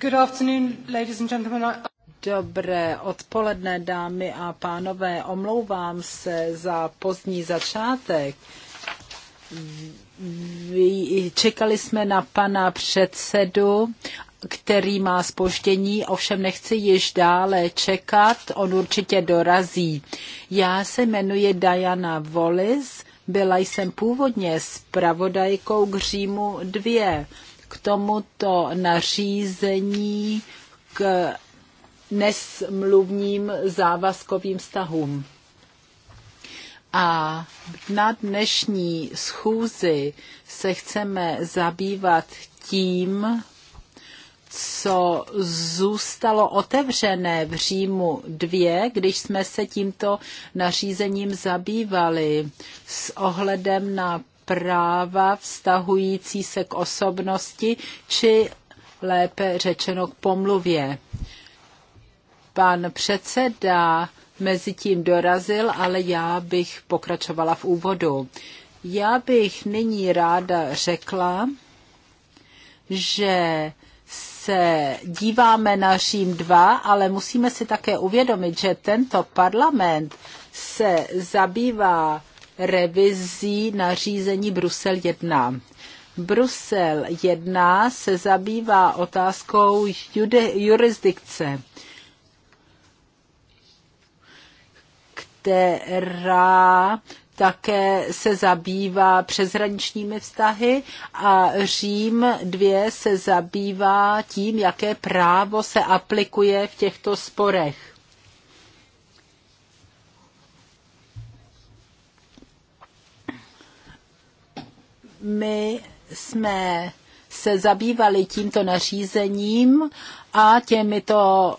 Good afternoon, ladies and gentlemen. Dobré odpoledne, dámy a pánové. Omlouvám se za pozdní začátek. Čekali jsme na pana předsedu, který má spoždění, ovšem nechci již dále čekat, on určitě dorazí. Já se jmenuji Diana Wallis, byla jsem původně zpravodajkou k Římu 2 k tomuto nařízení k nesmluvním závazkovým vztahům. A na dnešní schůzi se chceme zabývat tím, co zůstalo otevřené v Římu 2, když jsme se tímto nařízením zabývali s ohledem na práva vztahující se k osobnosti, či lépe řečeno k pomluvě. Pan předseda mezi tím dorazil, ale já bych pokračovala v úvodu. Já bych nyní ráda řekla, že se díváme na Řím 2, ale musíme si také uvědomit, že tento parlament se zabývá revizí nařízení Brusel 1. Brusel 1 se zabývá otázkou jurisdikce, která také se zabývá přeshraničními vztahy a Řím 2 se zabývá tím, jaké právo se aplikuje v těchto sporech. My jsme se zabývali tímto nařízením a těmito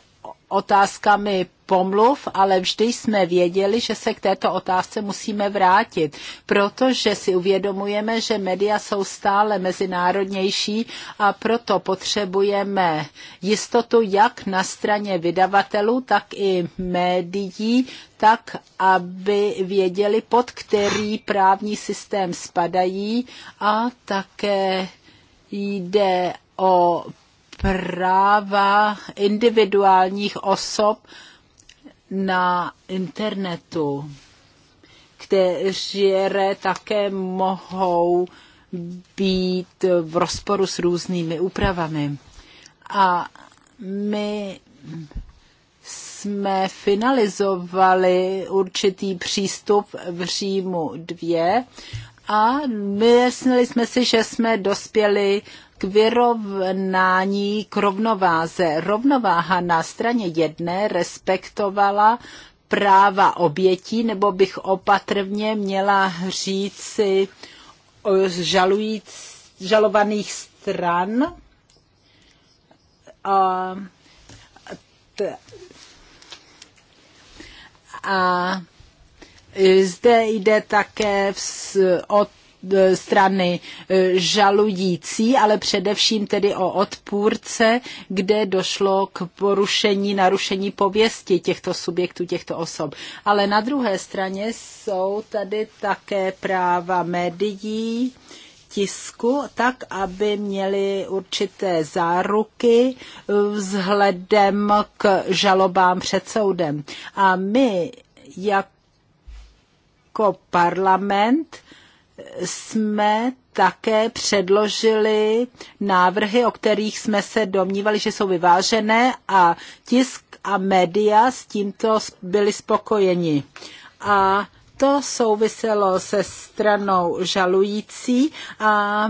otázkami pomluv, ale vždy jsme věděli, že se k této otázce musíme vrátit, protože si uvědomujeme, že média jsou stále mezinárodnější a proto potřebujeme jistotu jak na straně vydavatelů, tak i médií, tak, aby věděli, pod který právní systém spadají a také jde o práva individuálních osob, na internetu, které také mohou být v rozporu s různými úpravami. A my jsme finalizovali určitý přístup v Římu 2 a myslili jsme si, že jsme dospěli k vyrovnání, k rovnováze. Rovnováha na straně jedné respektovala práva obětí, nebo bych opatrně měla říci žalujíc, žalovaných stran. A, t, a zde jde také o E, strany e, žalující, ale především tedy o odpůrce, kde došlo k porušení, narušení pověsti těchto subjektů, těchto osob. Ale na druhé straně jsou tady také práva médií, tisku, tak aby měli určité záruky e, vzhledem k žalobám před soudem. A my jako parlament jsme také předložili návrhy, o kterých jsme se domnívali, že jsou vyvážené a tisk a média s tímto byli spokojeni. A to souviselo se stranou žalující a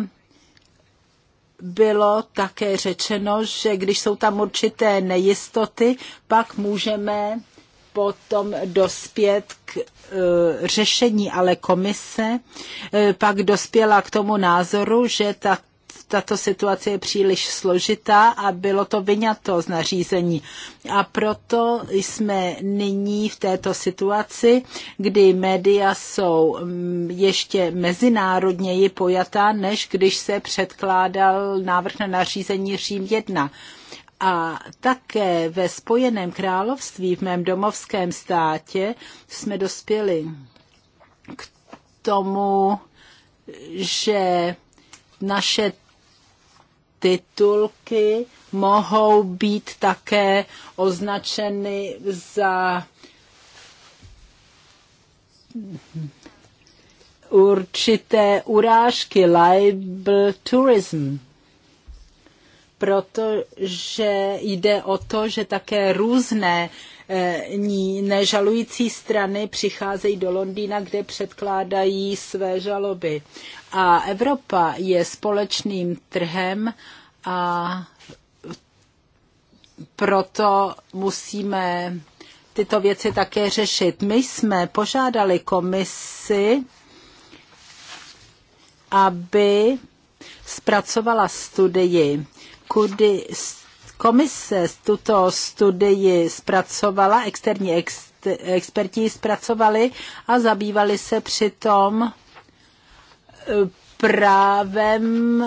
bylo také řečeno, že když jsou tam určité nejistoty, pak můžeme potom dospět k e, řešení, ale komise e, pak dospěla k tomu názoru, že ta tato situace je příliš složitá a bylo to vyňato z nařízení. A proto jsme nyní v této situaci, kdy média jsou ještě mezinárodněji pojatá, než když se předkládal návrh na nařízení Řím 1. A také ve Spojeném království, v mém domovském státě, jsme dospěli k tomu, že naše titulky mohou být také označeny za určité urážky, libel tourism protože jde o to, že také různé eh, nežalující strany přicházejí do Londýna, kde předkládají své žaloby. A Evropa je společným trhem a proto musíme tyto věci také řešit. My jsme požádali komisi, aby zpracovala studii kudy komise tuto studii zpracovala, externí ex, experti ji zpracovali a zabývali se přitom eh, právem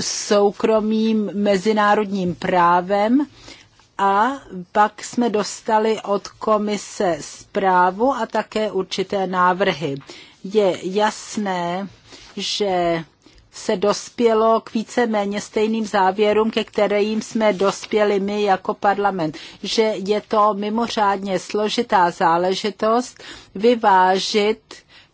soukromým mezinárodním právem a pak jsme dostali od komise zprávu a také určité návrhy. Je jasné, že se dospělo k méně stejným závěrům, ke kterým jsme dospěli my jako parlament. Že je to mimořádně složitá záležitost vyvážit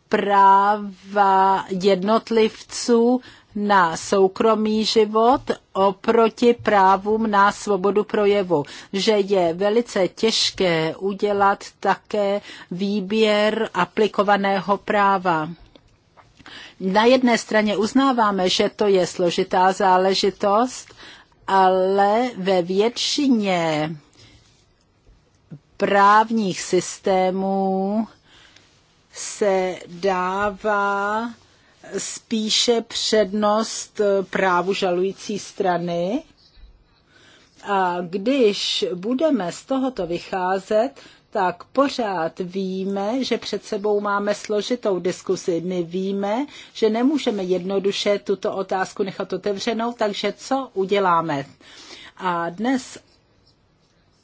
práva jednotlivců na soukromý život oproti právům na svobodu projevu, že je velice těžké udělat také výběr aplikovaného práva. Na jedné straně uznáváme, že to je složitá záležitost, ale ve většině právních systémů se dává spíše přednost právu žalující strany. A když budeme z tohoto vycházet, tak pořád víme, že před sebou máme složitou diskusi. My víme, že nemůžeme jednoduše tuto otázku nechat otevřenou, takže co uděláme? A dnes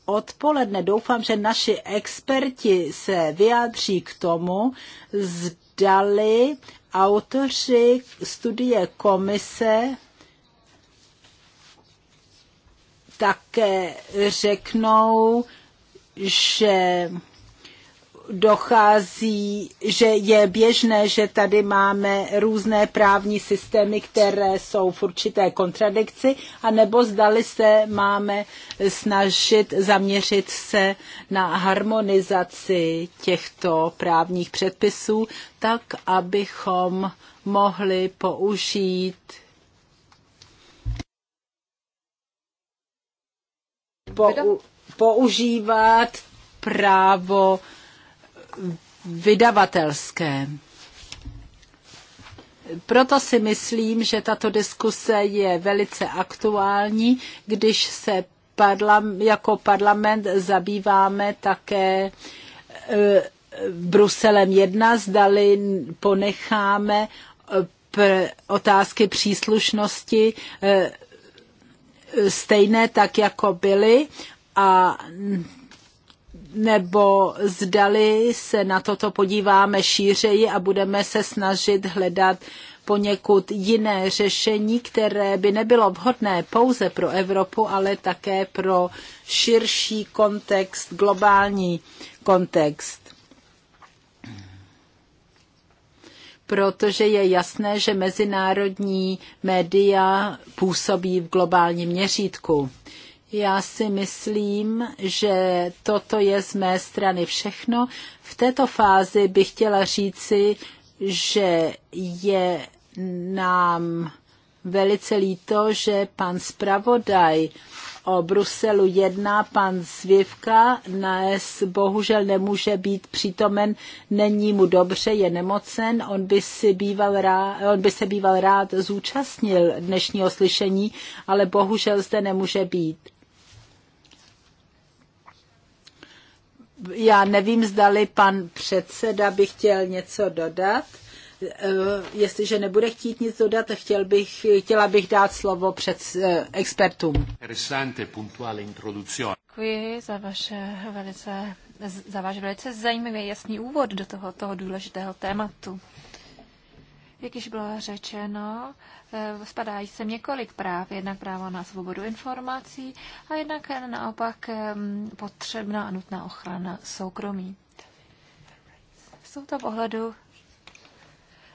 odpoledne doufám, že naši experti se vyjádří k tomu, zdali autoři studie komise také řeknou, že dochází, že je běžné, že tady máme různé právní systémy, které jsou v určité kontradikci, anebo zdali se máme snažit zaměřit se na harmonizaci těchto právních předpisů, tak abychom mohli použít pou, používat právo vydavatelské. Proto si myslím, že tato diskuse je velice aktuální, když se parlam, jako parlament zabýváme také e, Bruselem 1, zdali ponecháme e, otázky příslušnosti e, stejné tak, jako byly, a nebo zdali se na toto podíváme šířeji a budeme se snažit hledat poněkud jiné řešení, které by nebylo vhodné pouze pro Evropu, ale také pro širší kontext, globální kontext. Protože je jasné, že mezinárodní média působí v globálním měřítku. Já si myslím, že toto je z mé strany všechno. V této fázi bych chtěla říci, že je nám velice líto, že pan zpravodaj o Bruselu 1, pan Zvivka, dnes bohužel nemůže být přítomen, není mu dobře, je nemocen, on by, si býval rád, on by se býval rád zúčastnil dnešního slyšení, ale bohužel zde nemůže být. já nevím, zdali pan předseda by chtěl něco dodat. Eh, jestliže nebude chtít nic dodat, chtěl bych, chtěla bych dát slovo před eh, expertům. Děkuji za, vaše velice, za váš velice zajímavý jasný úvod do toho, toho důležitého tématu. Jak již bylo řečeno, eh, spadá sem několik práv. Jednak právo na svobodu informací a jednak naopak potřebná a nutná ochrana soukromí. V tomto pohledu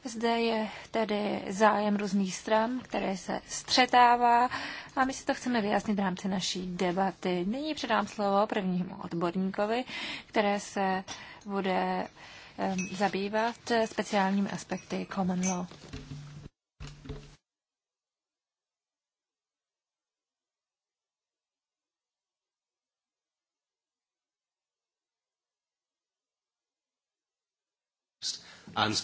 zde je tedy zájem různých stran, které se střetává a my si to chceme vyjasnit v rámci naší debaty. Nyní předám slovo prvnímu odborníkovi, které se bude Ehm, zabývat speciálními aspekty common law. And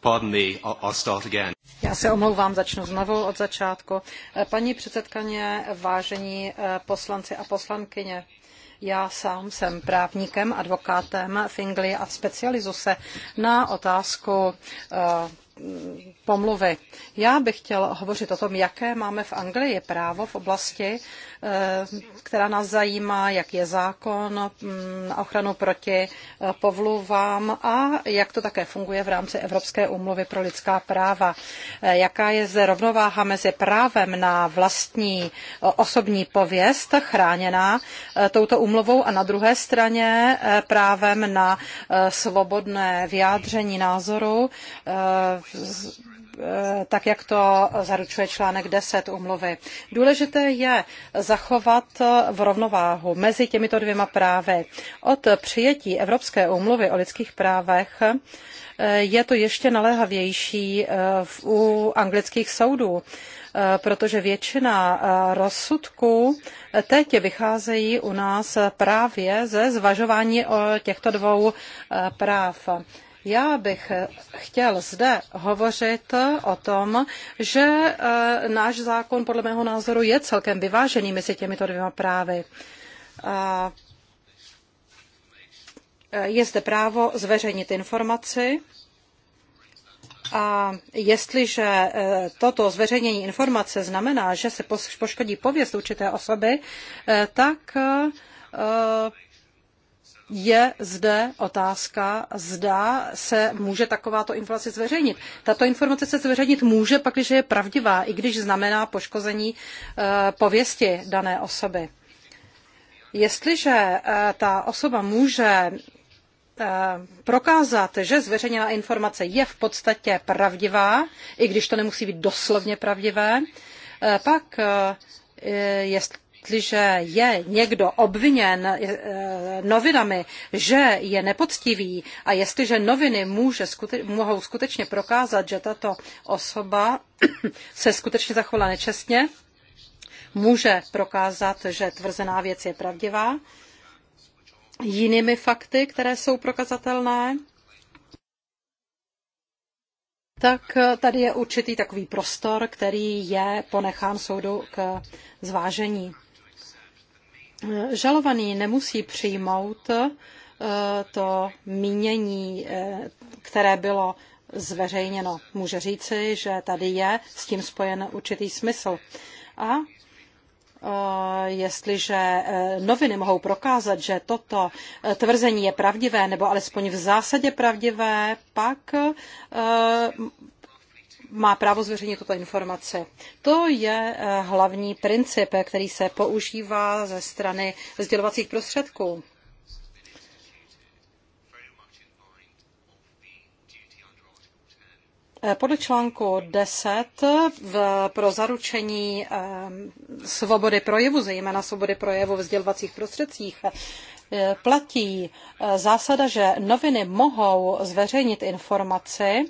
pardon me, I'll start again. Já se omlouvám, začnu znovu od začátku. Eh, paní předsedkyně, vážení eh, poslanci a poslankyně, já sám jsem právníkem, advokátem Fingli a specializuji se na otázku eh, pomluvy. Já bych chtěl hovořit o tom, jaké máme v Anglii právo v oblasti, eh, která nás zajímá, jak je zákon mm, na ochranu proti eh, povluvám a jak to také funguje v rámci Evropské umluvy pro lidská práva. Eh, jaká je zde rovnováha mezi právem na vlastní osobní pověst, chráněná touto umluvou a na druhé straně právem na svobodné vyjádření názoru tak jak to zaručuje článek 10 umluvy. Důležité je zachovat v rovnováhu mezi těmito dvěma právy. Od přijetí Evropské umluvy o lidských právech eh, je to ještě naléhavější eh, u anglických soudů, eh, protože většina rozsudků teď vycházejí u nás právě ze zvažování o těchto dvou práv. Já bych chtěl zde hovořit o tom, že eh, náš zákon podle mého názoru je celkem vyvážený mezi těmito dvěma právy. Eh, je zde právo zveřejnit informaci, a jestliže eh, toto zveřejnění informace znamená, že se poškodí pověst určité osoby, tak je zde otázka, zda se může takováto informace zveřejnit. Tato informace se zveřejnit může, pakliže je pravdivá, i když znamená poškození eh, pověsti dané osoby. Jestliže eh, ta osoba může eh, prokázat, že zveřejněná informace je v podstatě pravdivá, i když to nemusí být doslovně pravdivé, pak jest, jestliže je někdo obviněn e, novinami, že je nepoctivý a jestliže noviny může, mohou skutečně prokázat, že tato osoba se skutečně zachovala nečestně, může prokázat, že tvrzená věc je pravdivá, jinými fakty, které jsou prokazatelné, tak tady je určitý takový prostor, který je ponechán soudu k zvážení žalovaný nemusí přijmout eh, to mínění, eh, které bylo zveřejněno. Může říci, že tady je s tím spojen určitý smysl. A eh, jestliže noviny mohou prokázat, že toto tvrzení je pravdivé, nebo alespoň v zásadě pravdivé, pak má právo zveřejnit tuto informaci. To je eh, hlavní princip, eh, který se používá ze strany sdělovacích prostředků. Eh, podle článku 10 v, pro zaručení svobody projevu, zejména svobody projevu ve sdělovacích prostředcích, platí zásada, že noviny mohou zveřejnit informaci,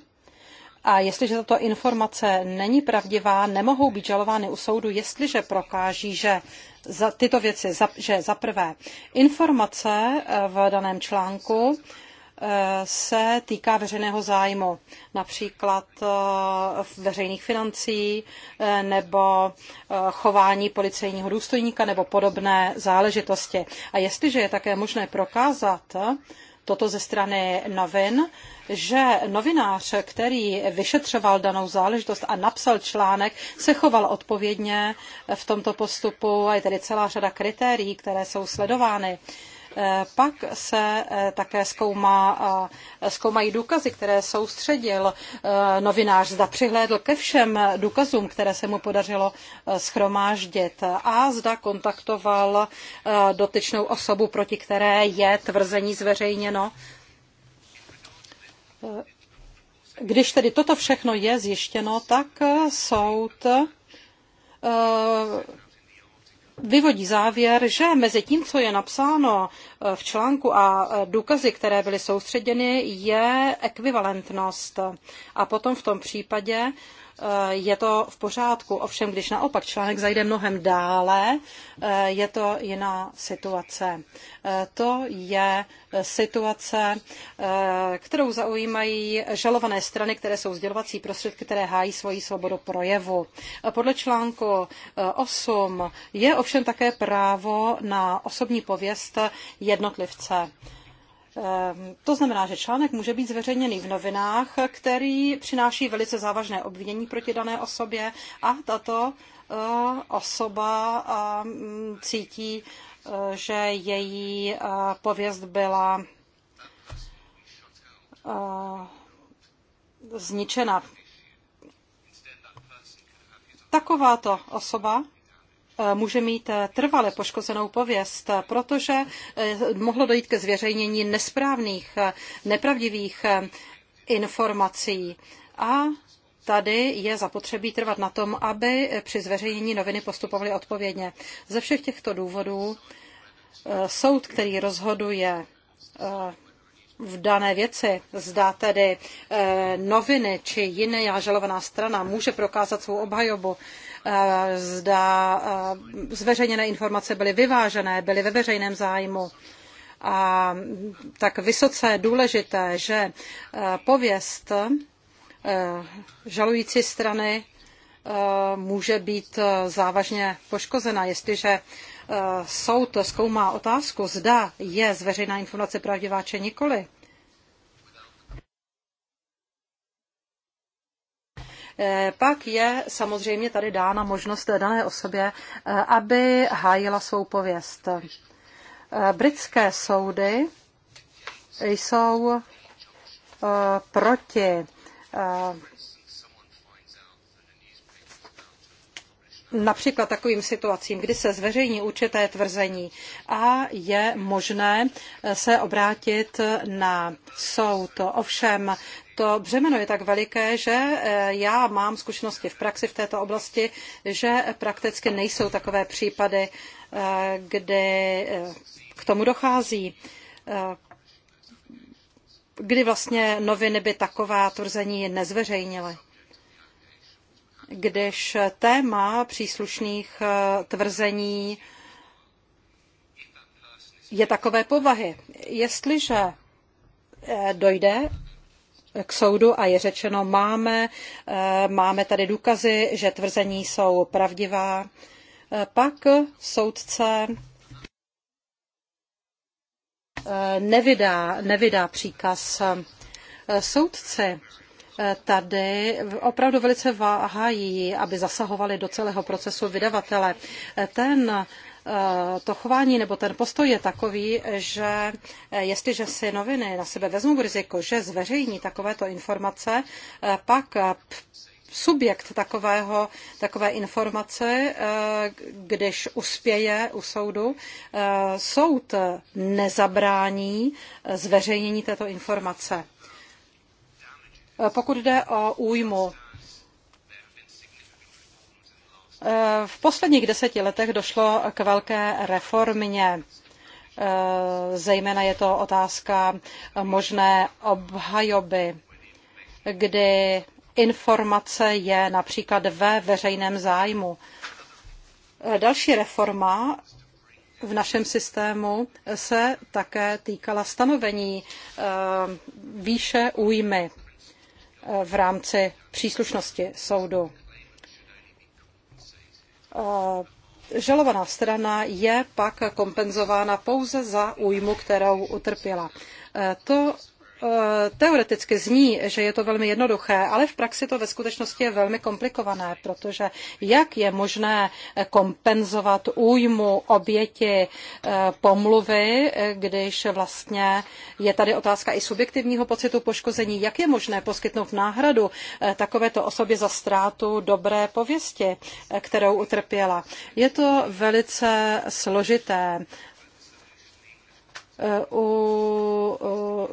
a jestliže tato informace není pravdivá, nemohou být žalovány u soudu, jestliže prokáží, že za tyto věci, že za prvé informace eh, v daném článku eh, se týká veřejného zájmu, například eh, veřejných financí nebo chování policejního důstojníka nebo podobné záležitosti. A jestliže je také možné prokázat, toto ze strany novin, že novinář, který vyšetřoval danou záležitost a napsal článek, se choval odpovědně v tomto postupu a je tedy celá řada kritérií, které jsou sledovány. Eh, pak se eh, také zkoumá, eh, zkoumají důkazy, které soustředil novinář, zda přihlédl ke všem důkazům, které se mu podařilo schromáždit a zda kontaktoval dotyčnou osobu, proti které je tvrzení zveřejněno. Když tedy toto všechno je zjištěno, tak soud vyvodí závěr, že mezi tím, co je napsáno eh, v článku a eh, důkazy, které byly soustředěny, je ekvivalentnost. A potom v tom případě Eh, je to v pořádku. Ovšem, když naopak článek zajde mnohem dále, eh, je to jiná situace. Eh, to je situace, kterou zaujímají žalované strany, které jsou sdělovací prostředky, které hájí svoji svobodu projevu. Podle článku 8 je ovšem také právo na osobní pověst jednotlivce. Ehm, to znamená, že článek může být zveřejněný v novinách, který přináší velice závažné obvinění proti dané osobě a tato eh, osoba ehm, cítí, eh, že její eh, pověst byla zničena. Takováto osoba E, může mít e, trvale poškozenou pověst, protože e, mohlo dojít ke zveřejnění nesprávných, nepravdivých informací. A Tady je zapotřebí trvat na tom, aby při zveřejnění noviny postupovaly odpovědně. Ze všech těchto důvodů soud, který rozhoduje v dané věci, zda tedy noviny či jiná žalovaná strana může prokázat svou obhajobu, Eh, zda eh, zveřejněné informace byly vyvážené, byly ve veřejném zájmu a mm, tak vysoce důležité, že eh, pověst žalující strany může být závažně poškozena, jestliže soud zkoumá otázku, zda je zveřejná informace pravdivá či nikoli Eh, pak je samozřejmě tady dána možnost dané osobě, eh, aby hájila svou pověst. Eh, britské soudy jsou proti například takovým situacím, kdy se zveřejní určité tvrzení a je možné se obrátit na soud. Ovšem to břemeno je tak veliké, že eh, já mám zkušenosti v praxi v této oblasti, že prakticky nejsou takové případy, eh, kdy eh, k tomu dochází kdy vlastně noviny by taková tvrzení nezveřejnily. Když téma příslušných tvrzení je takové povahy, jestliže dojde k soudu a je řečeno, máme, eh, máme tady důkazy, že tvrzení jsou pravdivá. Eh, pak soudce eh, nevydá, nevydá příkaz. Soudci tady opravdu velice váhají, aby zasahovali do celého procesu vydavatele. Ten Eh, to chování nebo ten postoj je takový, že eh, jestliže si noviny na sebe vezmou riziko, že zveřejní takovéto informace, eh, pak subjekt takového, takové informace, když uspěje u soudu, soud nezabrání zveřejnění této informace. Pokud jde o újmu, Eh, v posledních deseti letech došlo k velké reformě. Eh, zejména je to otázka možné obhajoby, kdy informace je například ve veřejném zájmu. Eh, další reforma v našem systému se také týkala stanovení výše újmy v rámci příslušnosti soudu žalovaná strana je pak kompenzována pouze za újmu, kterou utrpěla. E, to Eh, teoreticky zní, že je to velmi jednoduché, ale v praxi to ve skutečnosti je velmi komplikované, protože jak je možné kompenzovat újmu oběti eh, pomluvy, když vlastně je tady otázka i subjektivního pocitu poškození, jak je možné poskytnout náhradu eh, takovéto osobě za ztrátu dobré pověsti, kterou utrpěla. Je to velice složité u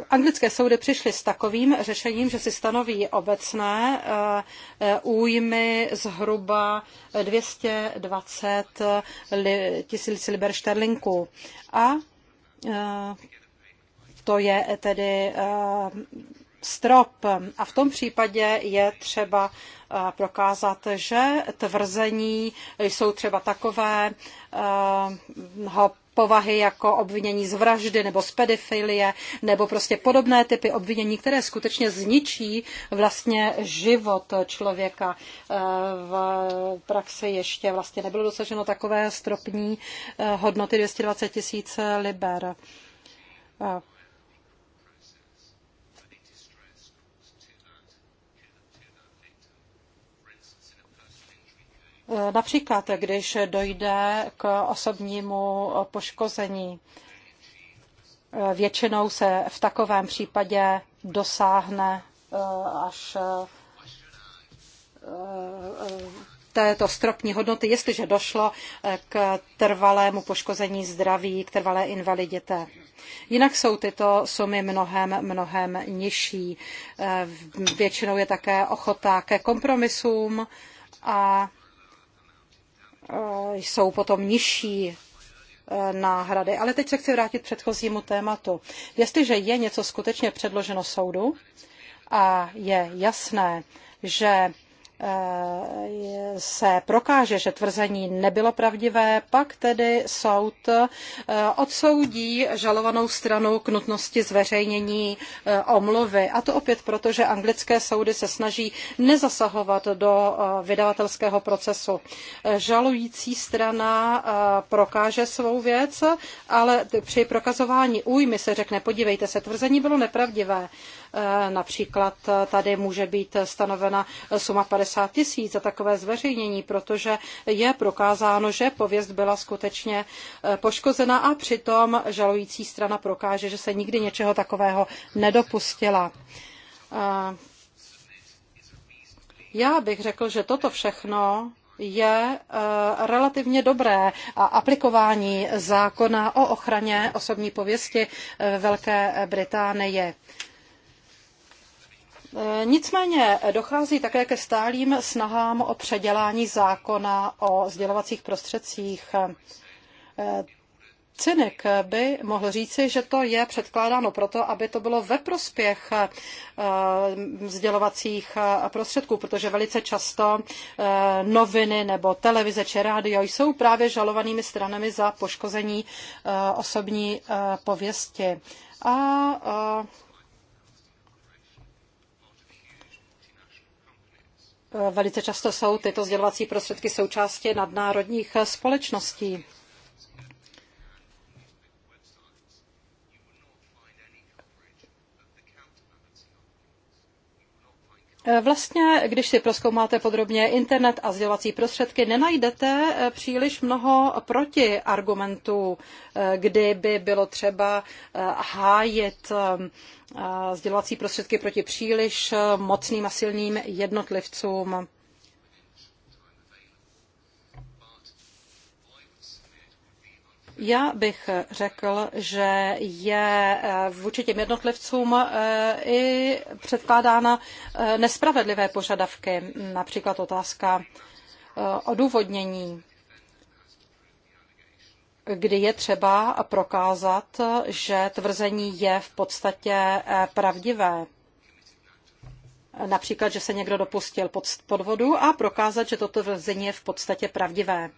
anglické soudy přišly s takovým řešením, že si stanoví obecné eh, újmy zhruba 220 tisíc liber šterlinků. A eh, to je tedy eh, strop. A v tom případě je třeba prokázat, že tvrzení jsou třeba takové, ho povahy jako obvinění z vraždy nebo z pedofilie nebo prostě podobné typy obvinění, které skutečně zničí vlastně život člověka. Eh, v praxi ještě vlastně nebylo dosaženo takové stropní eh, hodnoty 220 tisíc liber. Eh, Eh, například, když dojde k osobnímu poškození, eh, většinou se v takovém případě dosáhne eh, až této stropní hodnoty, jestliže došlo k trvalému poškození zdraví, k trvalé invaliditě. Jinak jsou tyto sumy mnohem, mnohem nižší. Většinou je také ochota ke kompromisům a Eh, jsou potom nižší eh, náhrady. Ale teď se chci vrátit k předchozímu tématu. Jestliže je něco skutečně předloženo soudu a je jasné, že Eh, se prokáže, že tvrzení nebylo pravdivé, pak tedy soud eh, odsoudí žalovanou stranu k nutnosti zveřejnění eh, omluvy. A to opět proto, že anglické soudy se snaží nezasahovat do vydavatelského procesu. Žalující strana prokáže svou věc, ale při prokazování újmy se řekne, podívejte se, tvrzení bylo nepravdivé. Eh, například eh, tady může být stanovena suma 50 tisíc za takové zveřejnění, protože je prokázáno, že pověst byla skutečně eh, poškozena a přitom žalující strana prokáže, že se nikdy něčeho takového nedopustila. Já bych řekl, že toto všechno je relativně dobré a aplikování zákona o ochraně osobní pověsti Velké Británie. Eh, nicméně dochází také ke stálým snahám o předělání zákona o sdělovacích prostředcích. Eh, cynik by mohl říci, že to je předkládáno proto, aby to bylo ve prospěch eh, sdělovacích prostředků, protože velice často noviny nebo televize či rádio jsou právě žalovanými stranami za poškození osobní pověsti. A Velice často jsou tyto sdělovací prostředky součástí nadnárodních společností. E, vlastně, když si proskoumáte podrobně internet a sdělovací prostředky, nenajdete e, příliš mnoho protiargumentů, e, kdyby bylo třeba hájit sdělovací prostředky proti příliš mocným a silným jednotlivcům. Já bych řekl, že je eh, vůči těm jednotlivcům eh, i předkládána eh, nespravedlivé požadavky, například otázka odůvodnění, kdy je třeba prokázat, že tvrzení je v podstatě pravdivé. Například, že se někdo dopustil podvodu a prokázat, že toto tvrzení je v podstatě pravdivé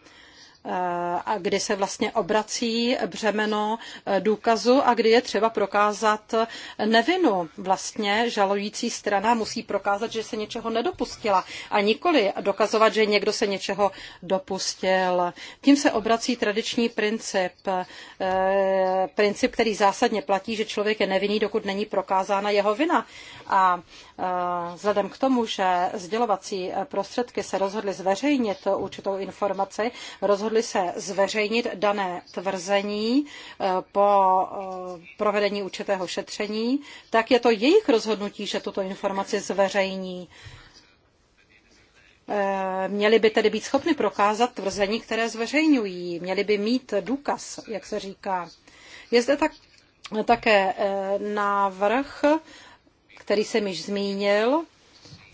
a kdy se vlastně obrací břemeno eh, důkazu a kdy je třeba prokázat eh, nevinu. Vlastně žalující strana musí prokázat, že se něčeho nedopustila a nikoli dokazovat, že někdo se něčeho dopustil. Tím se obrací tradiční princip, eh, princip, který zásadně platí, že člověk je nevinný, dokud není prokázána jeho vina. A Eh, vzhledem k tomu, že sdělovací eh, prostředky se rozhodly zveřejnit určitou informaci, rozhodly se zveřejnit dané tvrzení eh, po provedení určitého šetření, tak je to jejich rozhodnutí, že tuto informaci zveřejní měli by tedy být schopni prokázat tvrzení, které zveřejňují, měli by mít důkaz, jak se říká. Je zde tak, také návrh který jsem již zmínil.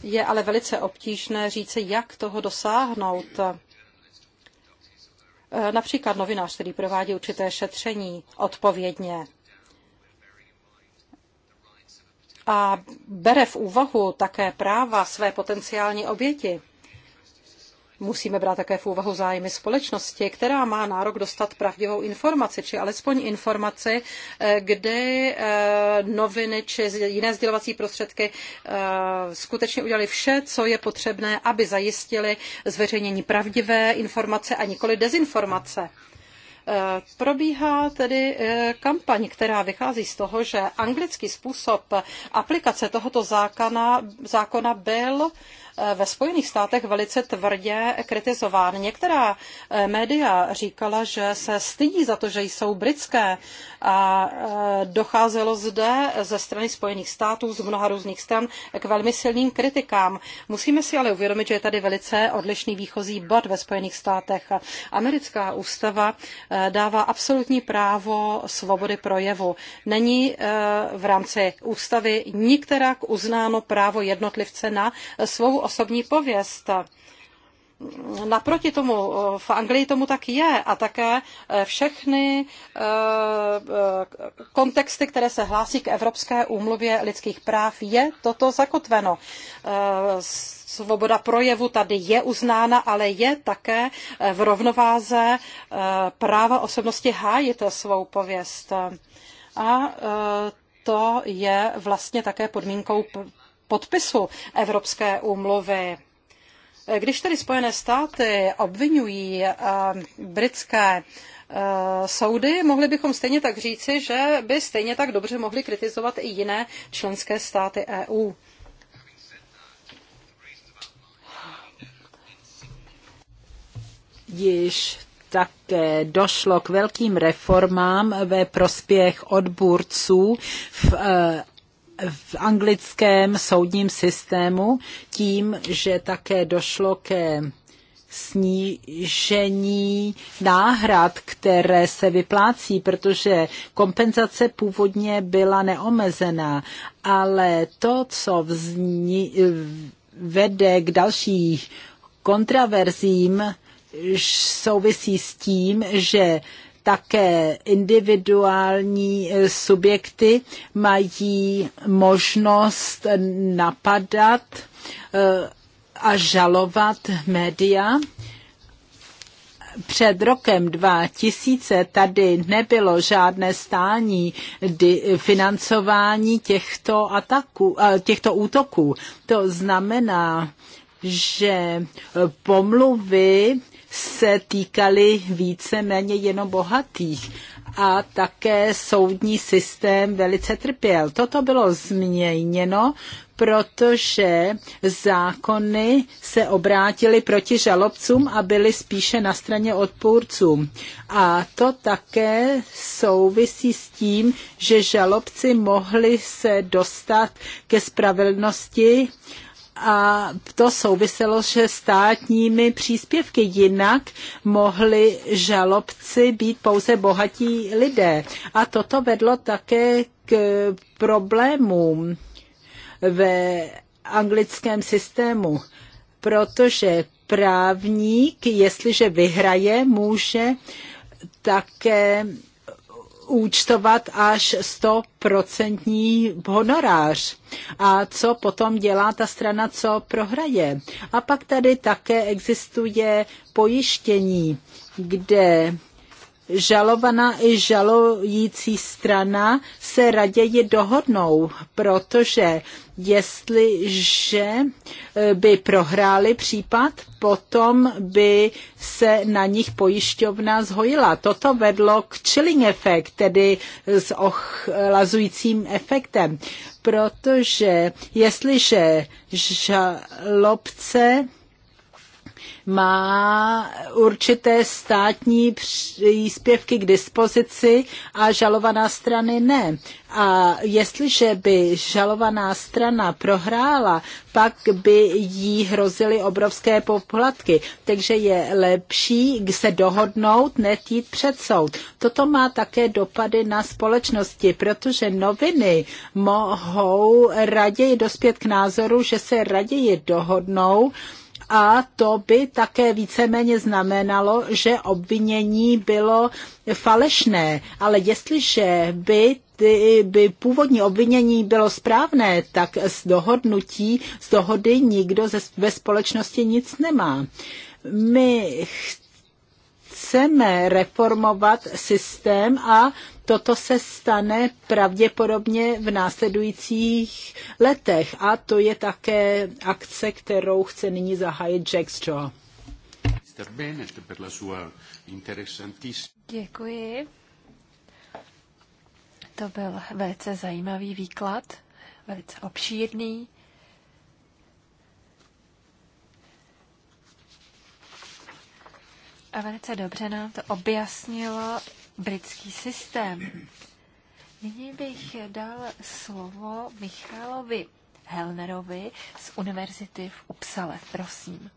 Je ale velice obtížné říci, jak toho dosáhnout. Eh, například novinář, který provádí určité šetření odpovědně a bere v úvahu také práva své potenciální oběti Musíme brát také v úvahu zájmy společnosti, která má nárok dostat pravdivou informaci, či alespoň informaci, eh, kde eh, noviny či jiné sdělovací prostředky eh, skutečně udělali vše, co je potřebné, aby zajistili zveřejnění pravdivé informace a nikoli dezinformace. Probíhá tedy kampaň, která vychází z toho, že anglický způsob aplikace tohoto zákona, zákona byl ve Spojených státech velice tvrdě kritizován. Některá eh, média říkala, že se stydí za to, že jsou britské a eh, docházelo zde ze strany Spojených států, z mnoha různých stran, k velmi silným kritikám. Musíme si ale uvědomit, že je tady velice odlišný výchozí bod ve Spojených státech. Americká ústava eh, dává absolutní právo svobody projevu. Není v rámci ústavy nikterak uznáno právo jednotlivce na svou osobní pověst. Naproti tomu v Anglii tomu tak je a také eh, všechny eh, eh, kontexty, které se hlásí k Evropské úmluvě lidských práv, je toto zakotveno. Svoboda projevu tady je uznána, ale je také v rovnováze práva osobnosti hájit svou pověst. A to je vlastně také podmínkou podpisu Evropské úmluvy. Když tedy Spojené státy obvinují eh, britské eh, soudy, mohli bychom stejně tak říci, že by stejně tak dobře mohli kritizovat i jiné členské státy EU. Již také došlo k velkým reformám ve prospěch odbůrců v eh, v anglickém soudním systému tím, že také došlo ke snížení náhrad, které se vyplácí, protože kompenzace původně byla neomezená, ale to, co vzni- vede k dalších kontraverzím, souvisí s tím, že také individuální eh, subjekty mají možnost napadat eh, a žalovat média. Před rokem 2000 tady nebylo žádné stání financování těchto, ataků, eh, těchto útoků. To znamená, že pomluvy se týkaly více méně jenom bohatých a také soudní systém velice trpěl. Toto bylo změněno, protože zákony se obrátily proti žalobcům a byly spíše na straně odpůrců. A to také souvisí s tím, že žalobci mohli se dostat ke spravedlnosti a to souviselo se státními příspěvky. Jinak mohli žalobci být pouze bohatí lidé. A toto vedlo také k problémům ve anglickém systému, protože právník, jestliže vyhraje, může také účtovat až 100% honorář. A co potom dělá ta strana, co prohraje. A pak tady také existuje pojištění, kde žalovaná i žalující strana se raději dohodnou, protože jestliže e, by prohráli případ, potom by se na nich pojišťovna zhojila. Toto vedlo k chilling efekt, tedy s ochlazujícím efektem, protože jestliže žalobce má určité státní příspěvky k dispozici a žalovaná strany ne. A jestliže by žalovaná strana prohrála, pak by jí hrozily obrovské poplatky. Takže je lepší se dohodnout, netít před soud. Toto má také dopady na společnosti, protože noviny mohou raději dospět k názoru, že se raději dohodnou, a to by také víceméně znamenalo, že obvinění bylo falešné. Ale jestliže by ty, by původní obvinění bylo správné, tak z dohodnutí, z dohody nikdo ze, ve společnosti nic nemá. My chceme chceme reformovat systém a toto se stane pravděpodobně v následujících letech. A to je také akce, kterou chce nyní zahájit Jack Straw. Děkuji. To byl velice zajímavý výklad, velice obšírný. a velice dobře nám to objasnilo britský systém. Nyní bych dal slovo Michalovi Helnerovi z Univerzity v Upsale. Prosím.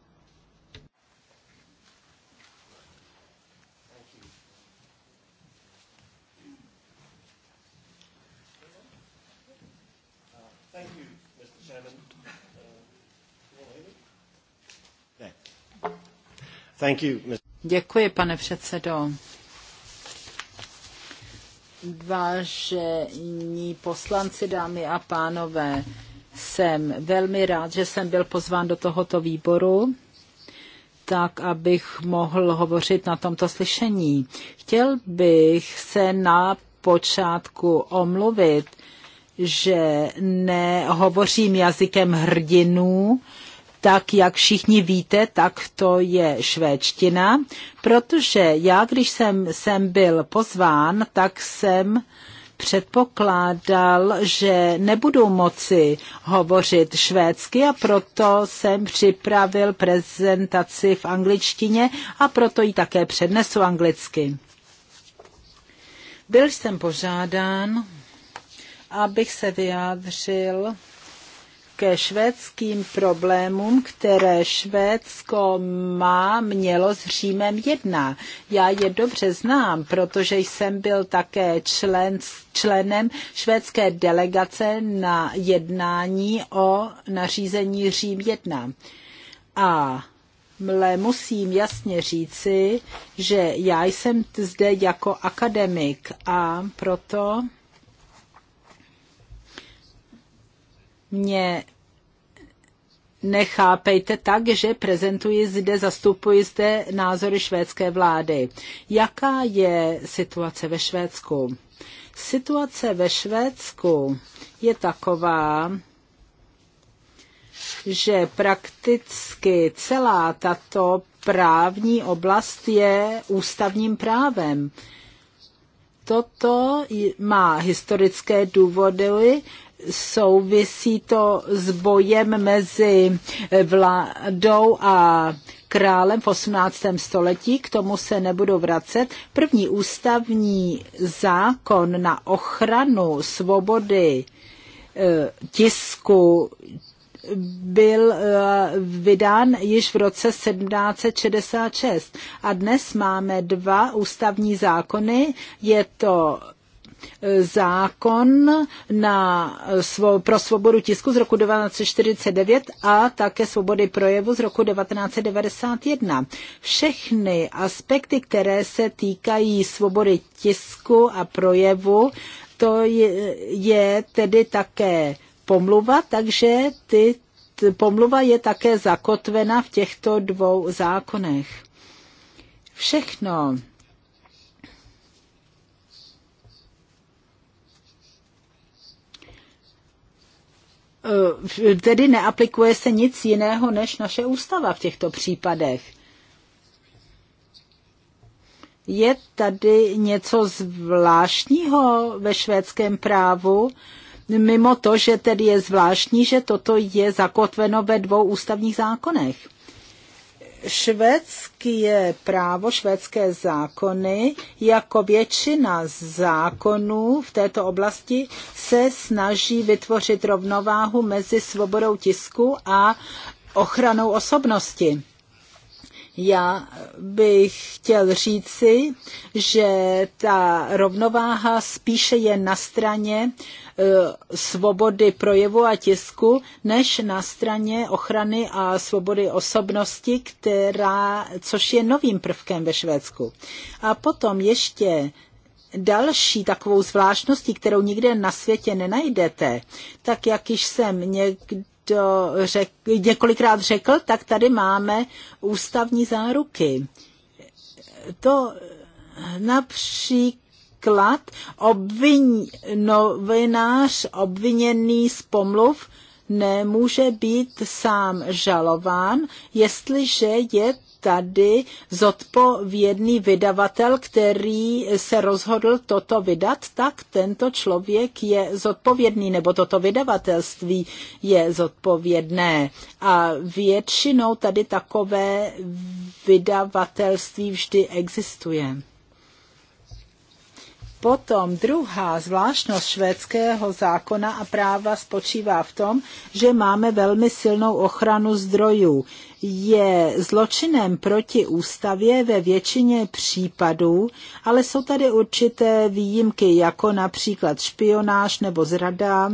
Thank you, Mr. Děkuji, pane předsedo. Vážení poslanci, dámy a pánové, jsem velmi rád, že jsem byl pozván do tohoto výboru, tak abych mohl hovořit na tomto slyšení. Chtěl bych se na počátku omluvit, že nehovořím jazykem hrdinů, tak jak všichni víte, tak to je švédština, protože já, když jsem sem byl pozván, tak jsem předpokládal, že nebudu moci hovořit švédsky a proto jsem připravil prezentaci v angličtině a proto ji také přednesu anglicky. Byl jsem požádán, abych se vyjádřil ke švédským problémům, které Švédsko má, mělo s Římem jedna. Já je dobře znám, protože jsem byl také člen, členem švédské delegace na jednání o nařízení Řím 1. A mle musím jasně říci, že já jsem zde jako akademik a proto Mě nechápejte tak, že prezentuji zde, zastupuji zde názory švédské vlády. Jaká je situace ve Švédsku? Situace ve Švédsku je taková, že prakticky celá tato právní oblast je ústavním právem. Toto má historické důvody souvisí to s bojem mezi vládou a králem v 18. století, k tomu se nebudu vracet. První ústavní zákon na ochranu svobody eh, tisku byl eh, vydán již v roce 1766 a dnes máme dva ústavní zákony. Je to zákon na, pro svobodu tisku z roku 1949 a také svobody projevu z roku 1991. Všechny aspekty, které se týkají svobody tisku a projevu, to je, je tedy také pomluva, takže ty, ty, pomluva je také zakotvena v těchto dvou zákonech. Všechno Eh, tedy neaplikuje se nic jiného než naše ústava v těchto případech. Je tady něco zvláštního ve švédském právu, mimo to, že tedy je zvláštní, že toto je zakotveno ve dvou ústavních zákonech švédské právo, švédské zákony, jako většina zákonů v této oblasti, se snaží vytvořit rovnováhu mezi svobodou tisku a ochranou osobnosti. Já bych chtěl říci, že ta rovnováha spíše je na straně e, svobody projevu a tisku, než na straně ochrany a svobody osobnosti, která, což je novým prvkem ve Švédsku. A potom ještě další takovou zvláštností, kterou nikde na světě nenajdete, tak jak již jsem někdy to řek, několikrát řekl, tak tady máme ústavní záruky. To například obvin, novinář obviněný z pomluv nemůže být sám žalován, jestliže je tady zodpovědný vydavatel, který se rozhodl toto vydat, tak tento člověk je zodpovědný, nebo toto vydavatelství je zodpovědné. A většinou tady takové vydavatelství vždy existuje. Potom druhá zvláštnost švédského zákona a práva spočívá v tom, že máme velmi silnou ochranu zdrojů. Je zločinem proti ústavě ve většině případů, ale jsou tady určité výjimky, jako například špionáž nebo zrada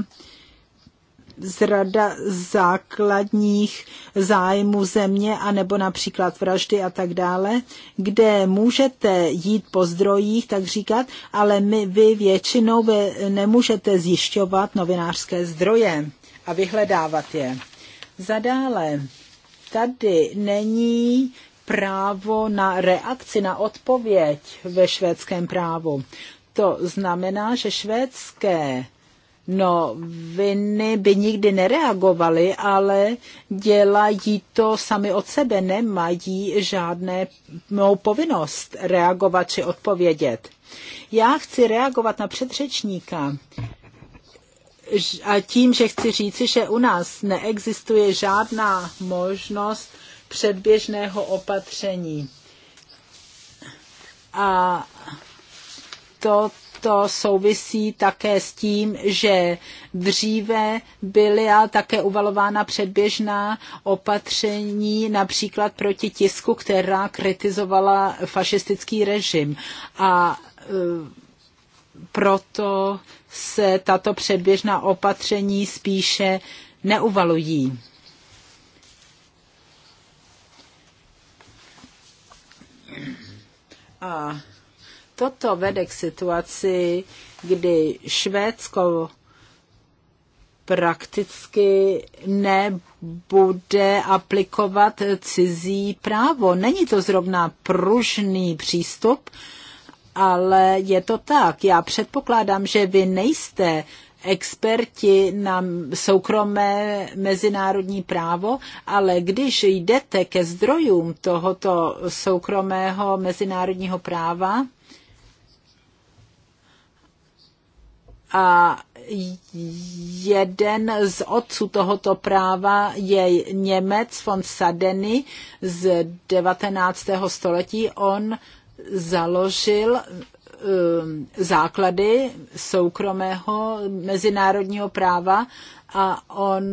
zrada základních zájmů země, a nebo například vraždy a tak dále, kde můžete jít po zdrojích, tak říkat, ale my, vy většinou vy nemůžete zjišťovat novinářské zdroje a vyhledávat je. Zadále, tady není právo na reakci, na odpověď ve švédském právu. To znamená, že švédské No, viny by nikdy nereagovaly, ale dělají to sami od sebe, nemají žádné mou povinnost reagovat či odpovědět. Já chci reagovat na předřečníka a tím, že chci říci, že u nás neexistuje žádná možnost předběžného opatření. A to to souvisí také s tím, že dříve byly a také uvalována předběžná opatření například proti tisku, která kritizovala fašistický režim. A e, proto se tato předběžná opatření spíše neuvalují. A Toto vede k situaci, kdy Švédsko prakticky nebude aplikovat cizí právo. Není to zrovna pružný přístup, ale je to tak. Já předpokládám, že vy nejste experti na soukromé mezinárodní právo, ale když jdete ke zdrojům tohoto soukromého mezinárodního práva, A jeden z otců tohoto práva je Němec von Sadeny z 19. století. On založil um, základy soukromého mezinárodního práva a on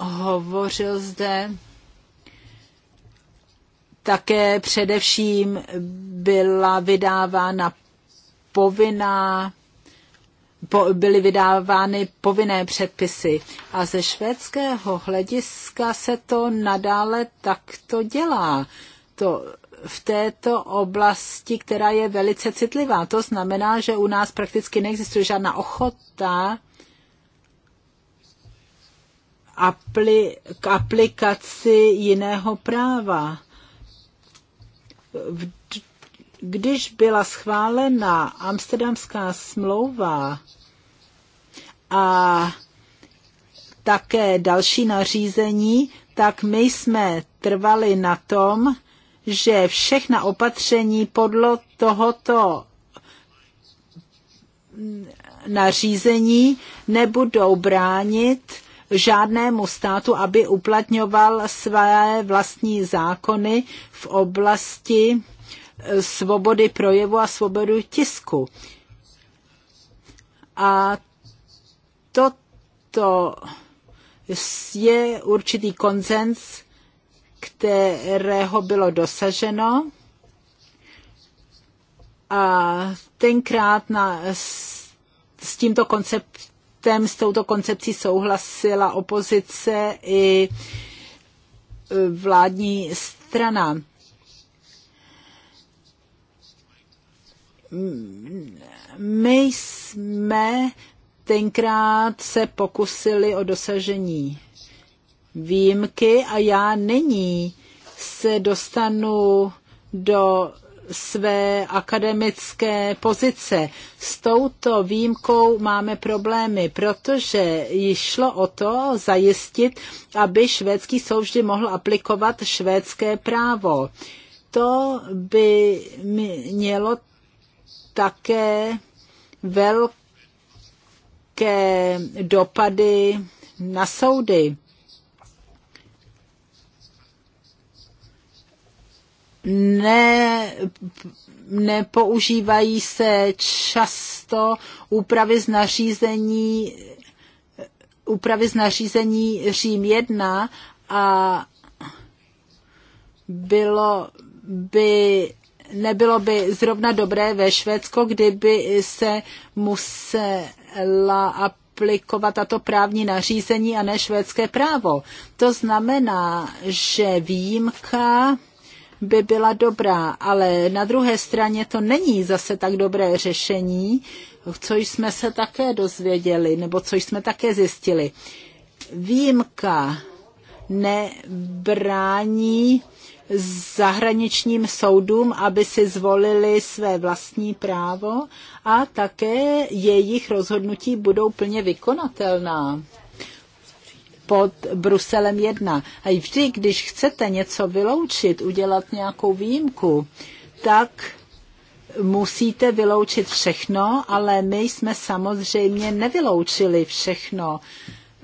hovořil zde také především byla vydávána povinná byly vydávány povinné předpisy. A ze švédského hlediska se to nadále takto dělá. To v této oblasti, která je velice citlivá. To znamená, že u nás prakticky neexistuje žádná ochota apli- k aplikaci jiného práva. Když byla schválena Amsterdamská smlouva, a také další nařízení, tak my jsme trvali na tom, že všechna opatření podle tohoto nařízení nebudou bránit žádnému státu, aby uplatňoval své vlastní zákony v oblasti svobody projevu a svobodu tisku. A toto je určitý konzens, kterého bylo dosaženo. A tenkrát na, s, s tímto konceptem, s touto koncepcí souhlasila opozice i e, vládní strana. My jsme tenkrát se pokusili o dosažení výjimky a já nyní se dostanu do své akademické pozice. S touto výjimkou máme problémy, protože šlo o to zajistit, aby švédský soud vždy mohl aplikovat švédské právo. To by mělo také velké také dopady na soudy. Ne, nepoužívají se často úpravy z nařízení úpravy z nařízení Řím 1 a bylo by nebylo by zrovna dobré ve Švédsko, kdyby se musela aplikovat tato právní nařízení a ne švédské právo. To znamená, že výjimka by byla dobrá, ale na druhé straně to není zase tak dobré řešení, co jsme se také dozvěděli, nebo co jsme také zjistili. Výjimka nebrání zahraničním soudům, aby si zvolili své vlastní právo a také jejich rozhodnutí budou plně vykonatelná pod Bruselem 1. A vždy, když chcete něco vyloučit, udělat nějakou výjimku, tak musíte vyloučit všechno, ale my jsme samozřejmě nevyloučili všechno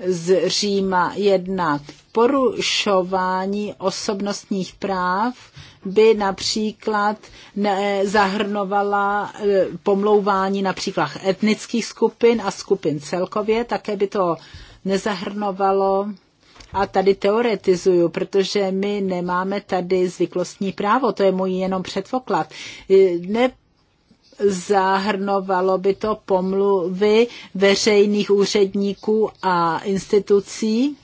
z Říma 1 porušování osobnostních práv by například zahrnovala e, pomlouvání například etnických skupin a skupin celkově, také by to nezahrnovalo a tady teoretizuju, protože my nemáme tady zvyklostní právo, to je můj jenom předpoklad. E, ne, zahrnovalo by to pomluvy veřejných úředníků a institucí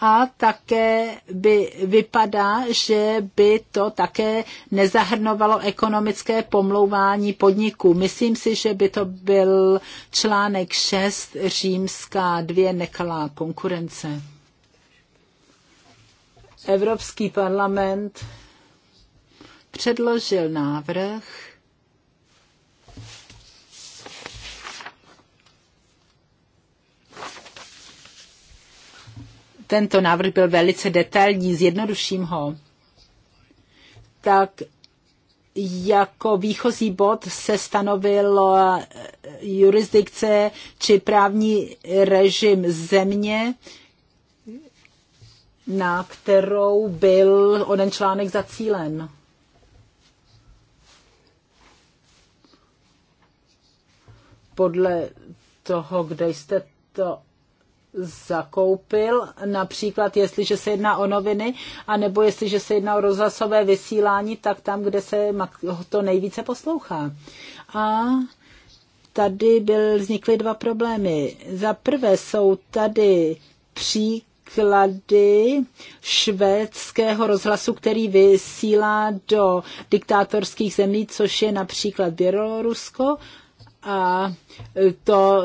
a také by vypadá, že by to také nezahrnovalo ekonomické pomlouvání podniků. Myslím si, že by to byl článek 6 římská dvě nekalá konkurence. Evropský parlament předložil návrh tento návrh byl velice detailní, zjednoduším ho, tak jako výchozí bod se stanovilo eh, jurisdikce či právní režim země, na kterou byl onen článek zacílen. Podle toho, kde jste to zakoupil, například jestliže se jedná o noviny, anebo jestliže se jedná o rozhlasové vysílání, tak tam, kde se to nejvíce poslouchá. A tady byl, vznikly dva problémy. Za prvé jsou tady příklady švédského rozhlasu, který vysílá do diktátorských zemí, což je například Bělorusko, a to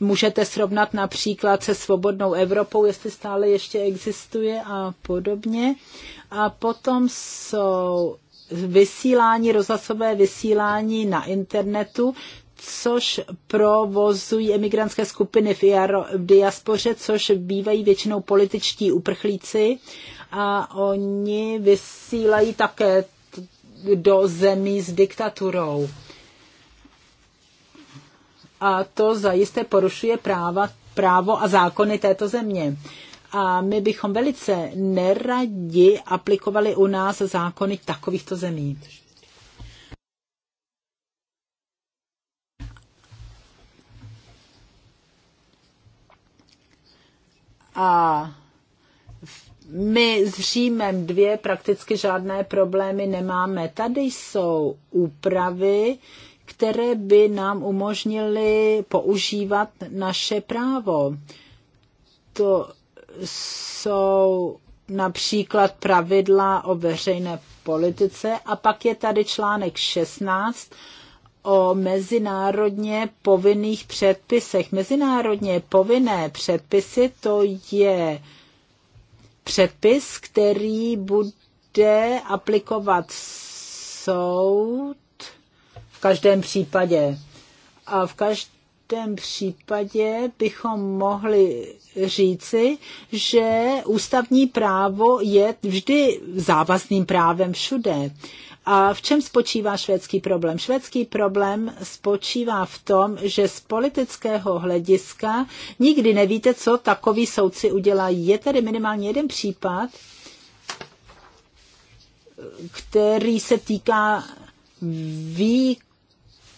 můžete srovnat například se svobodnou Evropou, jestli stále ještě existuje a podobně. A potom jsou vysílání, rozhlasové vysílání na internetu, což provozují emigrantské skupiny v, v diaspoře, což bývají většinou političtí uprchlíci a oni vysílají také do zemí s diktaturou a to zajisté porušuje práva, právo a zákony této země. A my bychom velice neradi aplikovali u nás zákony takovýchto zemí. A my s Římem dvě prakticky žádné problémy nemáme. Tady jsou úpravy, které by nám umožnily používat naše právo. To jsou například pravidla o veřejné politice a pak je tady článek 16 o mezinárodně povinných předpisech. Mezinárodně povinné předpisy to je předpis, který bude aplikovat soud v každém případě. A v každém případě bychom mohli říci, že ústavní právo je vždy závazným právem všude. A v čem spočívá švédský problém? Švédský problém spočívá v tom, že z politického hlediska nikdy nevíte, co takový soudci udělají. Je tady minimálně jeden případ, který se týká výk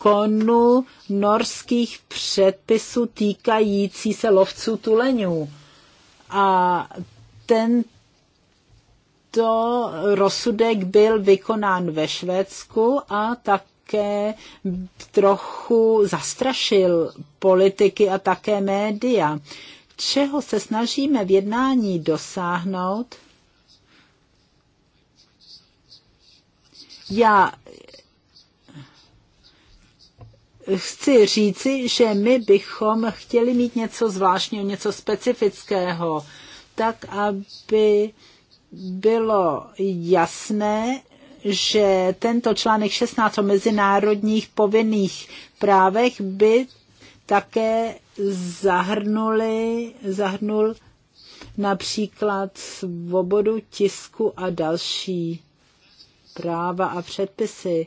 výkonu norských předpisů týkající se lovců tuleňů. A tento rozsudek byl vykonán ve Švédsku a také trochu zastrašil politiky a také média. Čeho se snažíme v jednání dosáhnout? Já chci říci, že my bychom chtěli mít něco zvláštního, něco specifického, tak aby bylo jasné, že tento článek 16 o mezinárodních povinných právech by také zahrnuli, zahrnul například svobodu tisku a další práva a předpisy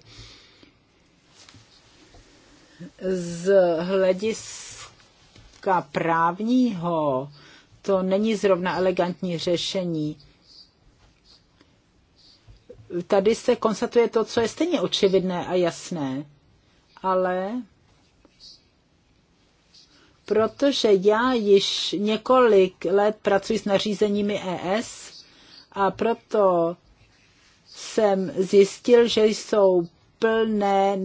z hlediska právního to není zrovna elegantní řešení. Tady se konstatuje to, co je stejně očividné a jasné, ale protože já již několik let pracuji s nařízeními ES a proto jsem zjistil, že jsou plné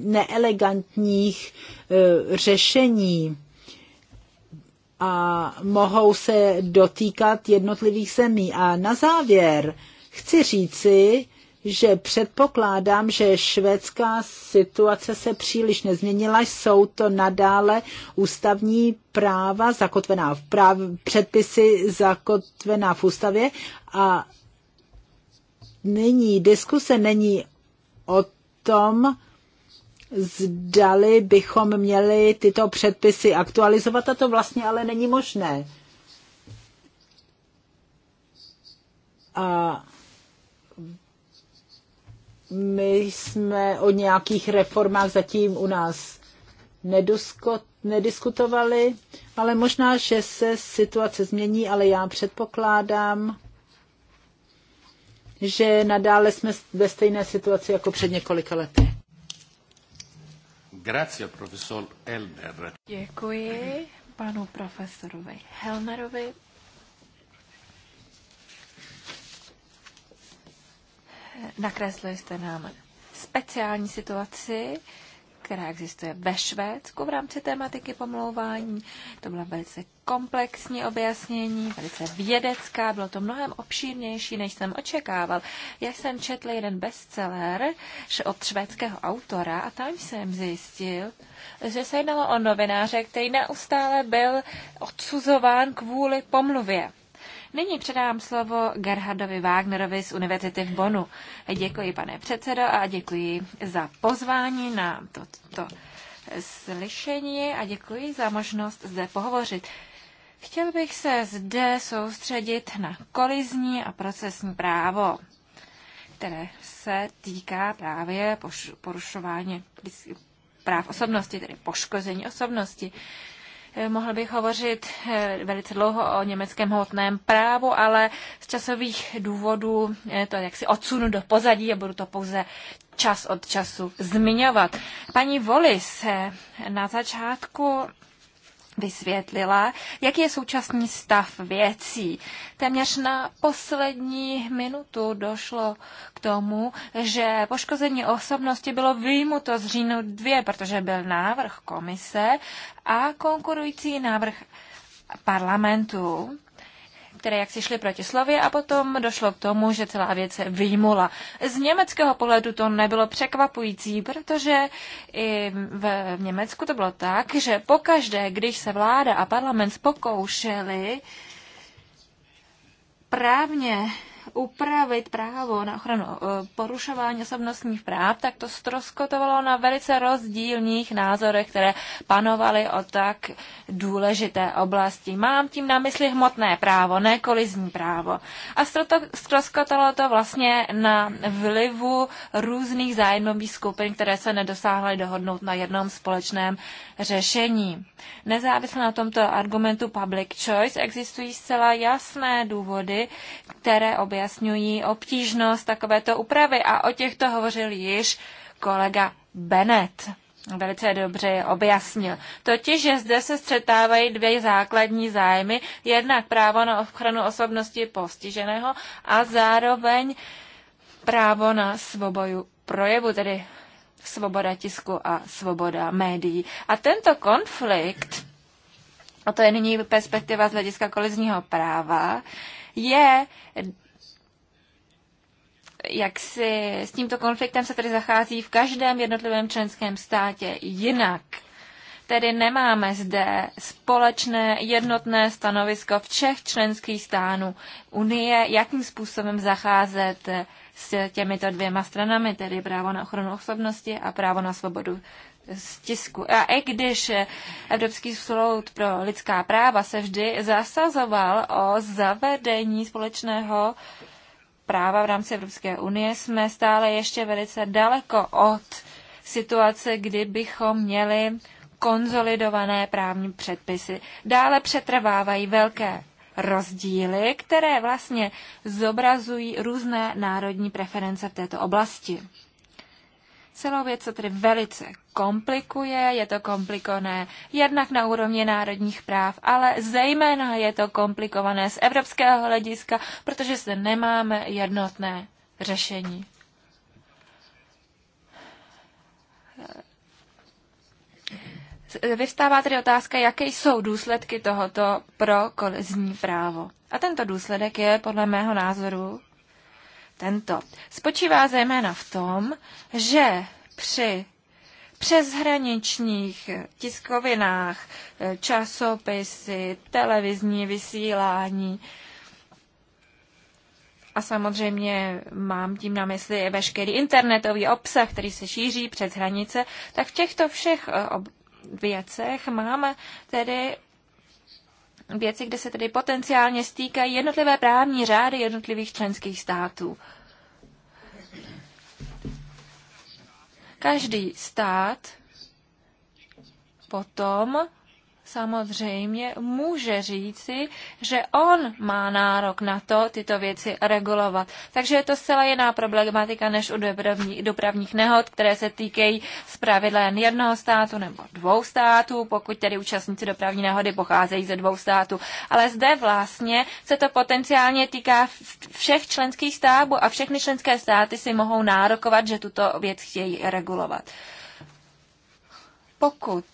neelegantních e, řešení a mohou se dotýkat jednotlivých zemí. A na závěr chci říci, že předpokládám, že švédská situace se příliš nezměnila, jsou to nadále ústavní práva zakotvená v práv, předpisy zakotvená v ústavě a nyní diskuse není o tom, zdali bychom měli tyto předpisy aktualizovat a to vlastně ale není možné. A my jsme o nějakých reformách zatím u nás nedusko, nediskutovali, ale možná, že se situace změní, ale já předpokládám, že nadále jsme ve stejné situaci jako před několika lety. Grazie, profesor Elmer. Děkuji panu profesorovi Helmerovi. Nakreslili jste nám speciální situaci, která existuje ve Švédsku v rámci tématiky pomlouvání. To byla velice komplexní objasnění, velice vědecká, bylo to mnohem obšírnější, než jsem očekával. Já jsem četl jeden bestseller od švédského autora a tam jsem zjistil, že se jednalo o novináře, který neustále byl odsuzován kvůli pomluvě. Nyní předám slovo Gerhardovi Wagnerovi z Univerzity v Bonu. Děkuji, pane předsedo, a děkuji za pozvání na toto to slyšení a děkuji za možnost zde pohovořit. Chtěl bych se zde soustředit na kolizní a procesní právo, které se týká právě porušování práv osobnosti, tedy poškození osobnosti. Eh, mohl bych hovořit eh, velice dlouho o německém hmotném právu, ale z časových důvodů eh, to jaksi odsunu do pozadí a budu to pouze čas od času zmiňovat. Paní Volis na začátku vysvětlila, jaký je současný stav věcí. Téměř na poslední minutu došlo k tomu, že poškození osobnosti bylo vyjmuto z říjnu 2, protože byl návrh komise a konkurující návrh parlamentu které jak si šly proti slově a potom došlo k tomu, že celá věc se vyjmula. Z německého pohledu to nebylo překvapující, protože i v Německu to bylo tak, že pokaždé, když se vláda a parlament pokoušeli právně upravit právo na ochranu eh, porušování osobnostních práv, tak to stroskotovalo na velice rozdílných názorech, které panovaly o tak důležité oblasti. Mám tím na mysli hmotné právo, ne kolizní právo. A stroskotalo to vlastně na vlivu různých zájmových skupin, které se nedosáhly dohodnout na jednom společném řešení. Nezávisle na tomto argumentu public choice existují zcela jasné důvody, které obě vyjasňují obtížnost takovéto úpravy a o těchto hovořil již kolega Bennett velice dobře objasnil. Totiž, že zde se střetávají dvě základní zájmy, jednak právo na ochranu osobnosti postiženého a zároveň právo na svobodu projevu, tedy svoboda tisku a svoboda médií. A tento konflikt, a to je nyní perspektiva z hlediska kolizního práva, je jak si s tímto konfliktem se tedy zachází v každém jednotlivém členském státě jinak. Tedy nemáme zde společné jednotné stanovisko všech členských stánů Unie, jakým způsobem zacházet s těmito dvěma stranami, tedy právo na ochranu osobnosti a právo na svobodu stisku. A i když Evropský soud pro lidská práva se vždy zasazoval o zavedení společného práva v rámci Evropské unie jsme stále ještě velice daleko od situace, kdy bychom měli konzolidované právní předpisy. Dále přetrvávají velké rozdíly, které vlastně zobrazují různé národní preference v této oblasti. Celou věc se tedy velice komplikuje, je to komplikované jednak na úrovni národních práv, ale zejména je to komplikované z evropského hlediska, protože zde nemáme jednotné řešení. Vyvstává tedy otázka, jaké jsou důsledky tohoto pro kolizní právo. A tento důsledek je podle mého názoru tento. Spočívá zejména v tom, že při přeshraničních tiskovinách, e, časopisy, televizní vysílání. A samozřejmě mám tím na mysli veškerý internetový obsah, který se šíří přes hranice, tak v těchto všech e, věcech máme tedy věci, kde se tedy potenciálně stýkají jednotlivé právní řády jednotlivých členských států. Každý stát potom samozřejmě může říci, že on má nárok na to tyto věci regulovat. Takže je to zcela jiná problematika než u dopravní, dopravních nehod, které se týkají zpravidla jen jednoho státu nebo dvou států, pokud tedy účastníci dopravní nehody pocházejí ze dvou států. Ale zde vlastně se to potenciálně týká všech členských států a všechny členské státy si mohou nárokovat, že tuto věc chtějí regulovat. Pokud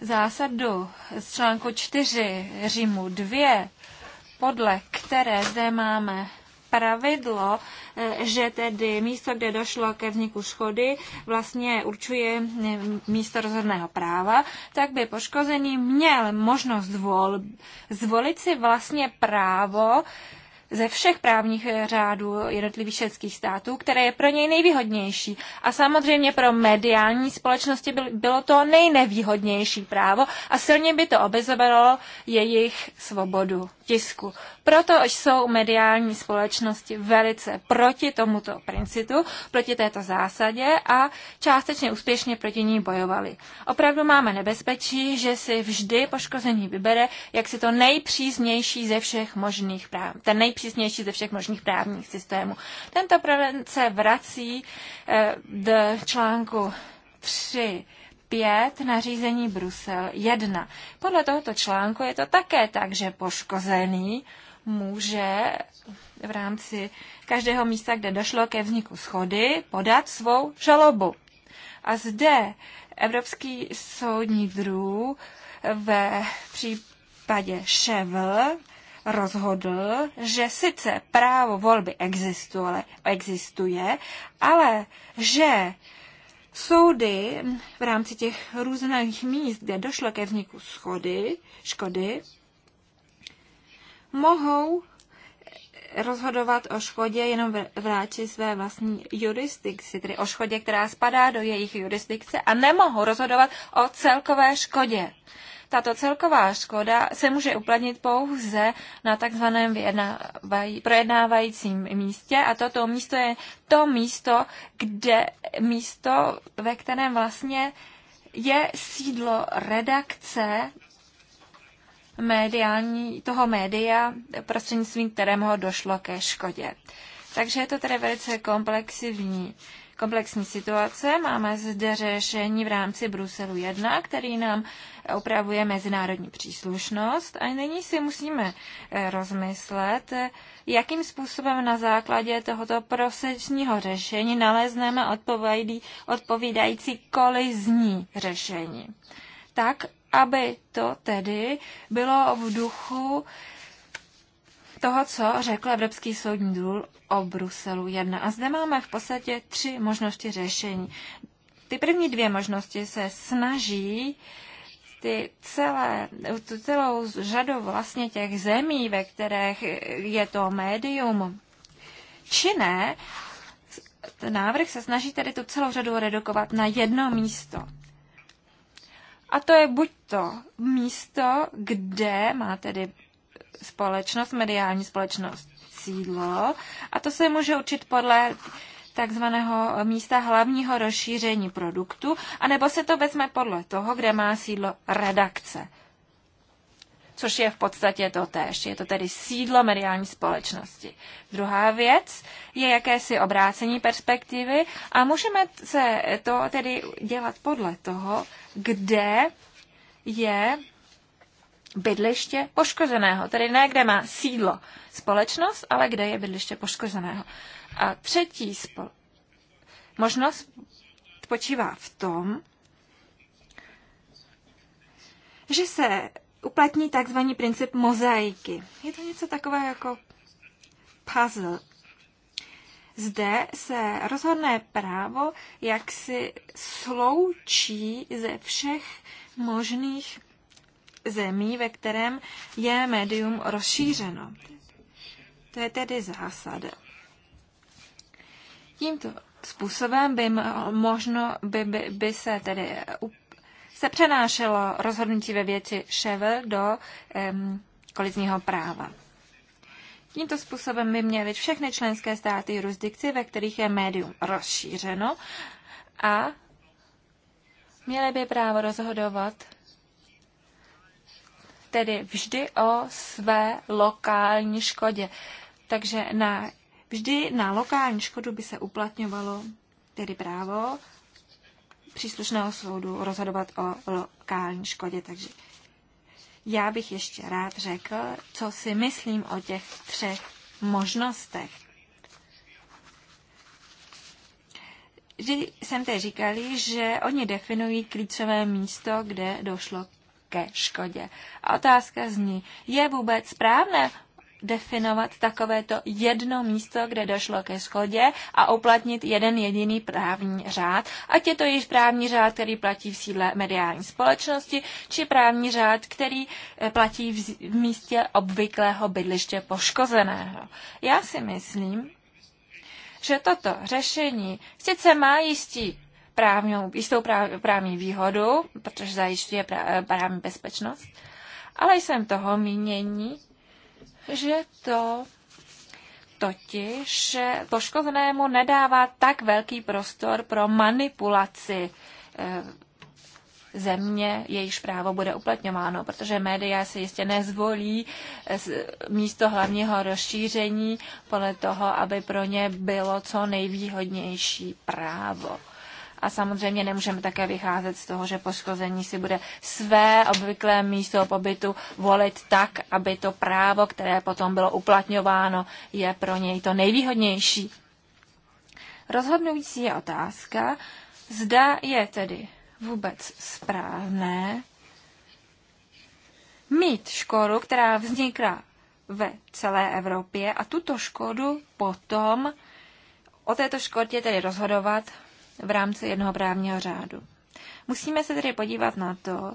zásadu z článku 4 Římu 2, podle které zde máme pravidlo, eh, že tedy místo, kde došlo ke vzniku škody, vlastně určuje místo rozhodného práva, tak by poškozený měl možnost zvol, zvolit si vlastně právo, ze všech právních řádů jednotlivých českých států, které je pro něj nejvýhodnější. A samozřejmě pro mediální společnosti bylo to nejnevýhodnější právo a silně by to obezobralo jejich svobodu tisku. Proto jsou mediální společnosti velice proti tomuto principu, proti této zásadě a částečně úspěšně proti ní bojovali. Opravdu máme nebezpečí, že si vždy poškození vybere, jak si to nejpříznější ze všech možných práv, ten nejpříznější ze všech možných právních systémů. Tento problém se vrací eh, do článku 3 5 nařízení Brusel 1. Podle tohoto článku je to také tak, že poškozený může v rámci každého místa, kde došlo ke vzniku schody, podat svou žalobu. A zde Evropský soudní drů ve případě Ševl rozhodl, že sice právo volby existuje, existuje ale že Soudy v rámci těch různých míst, kde došlo ke vzniku schody, škody, mohou rozhodovat o škodě jenom v rámci své vlastní jurisdikci, tedy o škodě, která spadá do jejich jurisdikce a nemohou rozhodovat o celkové škodě. Tato celková škoda se může uplatnit pouze na takzvaném projednávajícím místě a toto místo je to místo, kde místo, ve kterém vlastně je sídlo redakce médiální, toho média, prostřednictvím kterého došlo ke škodě. Takže je to tedy velice komplexivní komplexní situace. Máme zde řešení v rámci Bruselu 1, který nám opravuje mezinárodní příslušnost a nyní si musíme eh, rozmyslet, eh, jakým způsobem na základě tohoto prosečního řešení nalezneme odpovídající kolizní řešení. Tak, aby to tedy bylo v duchu toho, co řekl Evropský soudní důl o Bruselu 1. A zde máme v podstatě tři možnosti řešení. Ty první dvě možnosti se snaží ty celé, tu celou řadu vlastně těch zemí, ve kterých je to médium činné, ten návrh se snaží tedy tu celou řadu redukovat na jedno místo. A to je buď to místo, kde má tedy společnost, mediální společnost sídlo a to se může určit podle takzvaného místa hlavního rozšíření produktu, anebo se to vezme podle toho, kde má sídlo redakce. Což je v podstatě to též. Je to tedy sídlo mediální společnosti. Druhá věc je jakési obrácení perspektivy a můžeme se to tedy dělat podle toho, kde je bydliště poškozeného, tedy ne kde má sídlo společnost, ale kde je bydliště poškozeného. A třetí spol- možnost spočívá v tom, že se uplatní takzvaný princip mozaiky. Je to něco takové jako puzzle. Zde se rozhodné právo jak si sloučí ze všech možných zemí, ve kterém je médium rozšířeno. To je tedy zásada. Tímto způsobem by možno by, by, by se tedy uh, se přenášelo rozhodnutí ve věci Ševel do um, kolizního práva. Tímto způsobem by měly všechny členské státy jurisdikci, ve kterých je médium rozšířeno a měly by právo rozhodovat tedy vždy o své lokální škodě. Takže na, vždy na lokální škodu by se uplatňovalo tedy právo příslušného soudu rozhodovat o lokální škodě. Takže já bych ještě rád řekl, co si myslím o těch třech možnostech. Vždy jsem teď říkali, že oni definují klíčové místo, kde došlo k ke škodě. A otázka zní, je vůbec správné definovat takovéto jedno místo, kde došlo ke schodě a uplatnit jeden jediný právní řád, ať je to již právní řád, který platí v sídle mediální společnosti, či právní řád, který eh, platí v místě obvyklého bydliště poškozeného. Já si myslím, že toto řešení sice má jistý právnou, jistou práv, právní výhodu, protože zajišťuje právní bezpečnost, ale jsem toho mínění, že to totiž poškozenému nedává tak velký prostor pro manipulaci eh, země, jejíž právo bude uplatňováno, protože média se jistě nezvolí eh, místo hlavního rozšíření podle toho, aby pro ně bylo co nejvýhodnější právo. A samozřejmě nemůžeme také vycházet z toho, že poškození si bude své obvyklé místo pobytu volit tak, aby to právo, které potom bylo uplatňováno, je pro něj to nejvýhodnější. Rozhodnující je otázka, zda je tedy vůbec správné mít škodu, která vznikla ve celé Evropě a tuto škodu potom o této škodě tedy rozhodovat v rámci jednoho právního řádu. Musíme se tedy podívat na to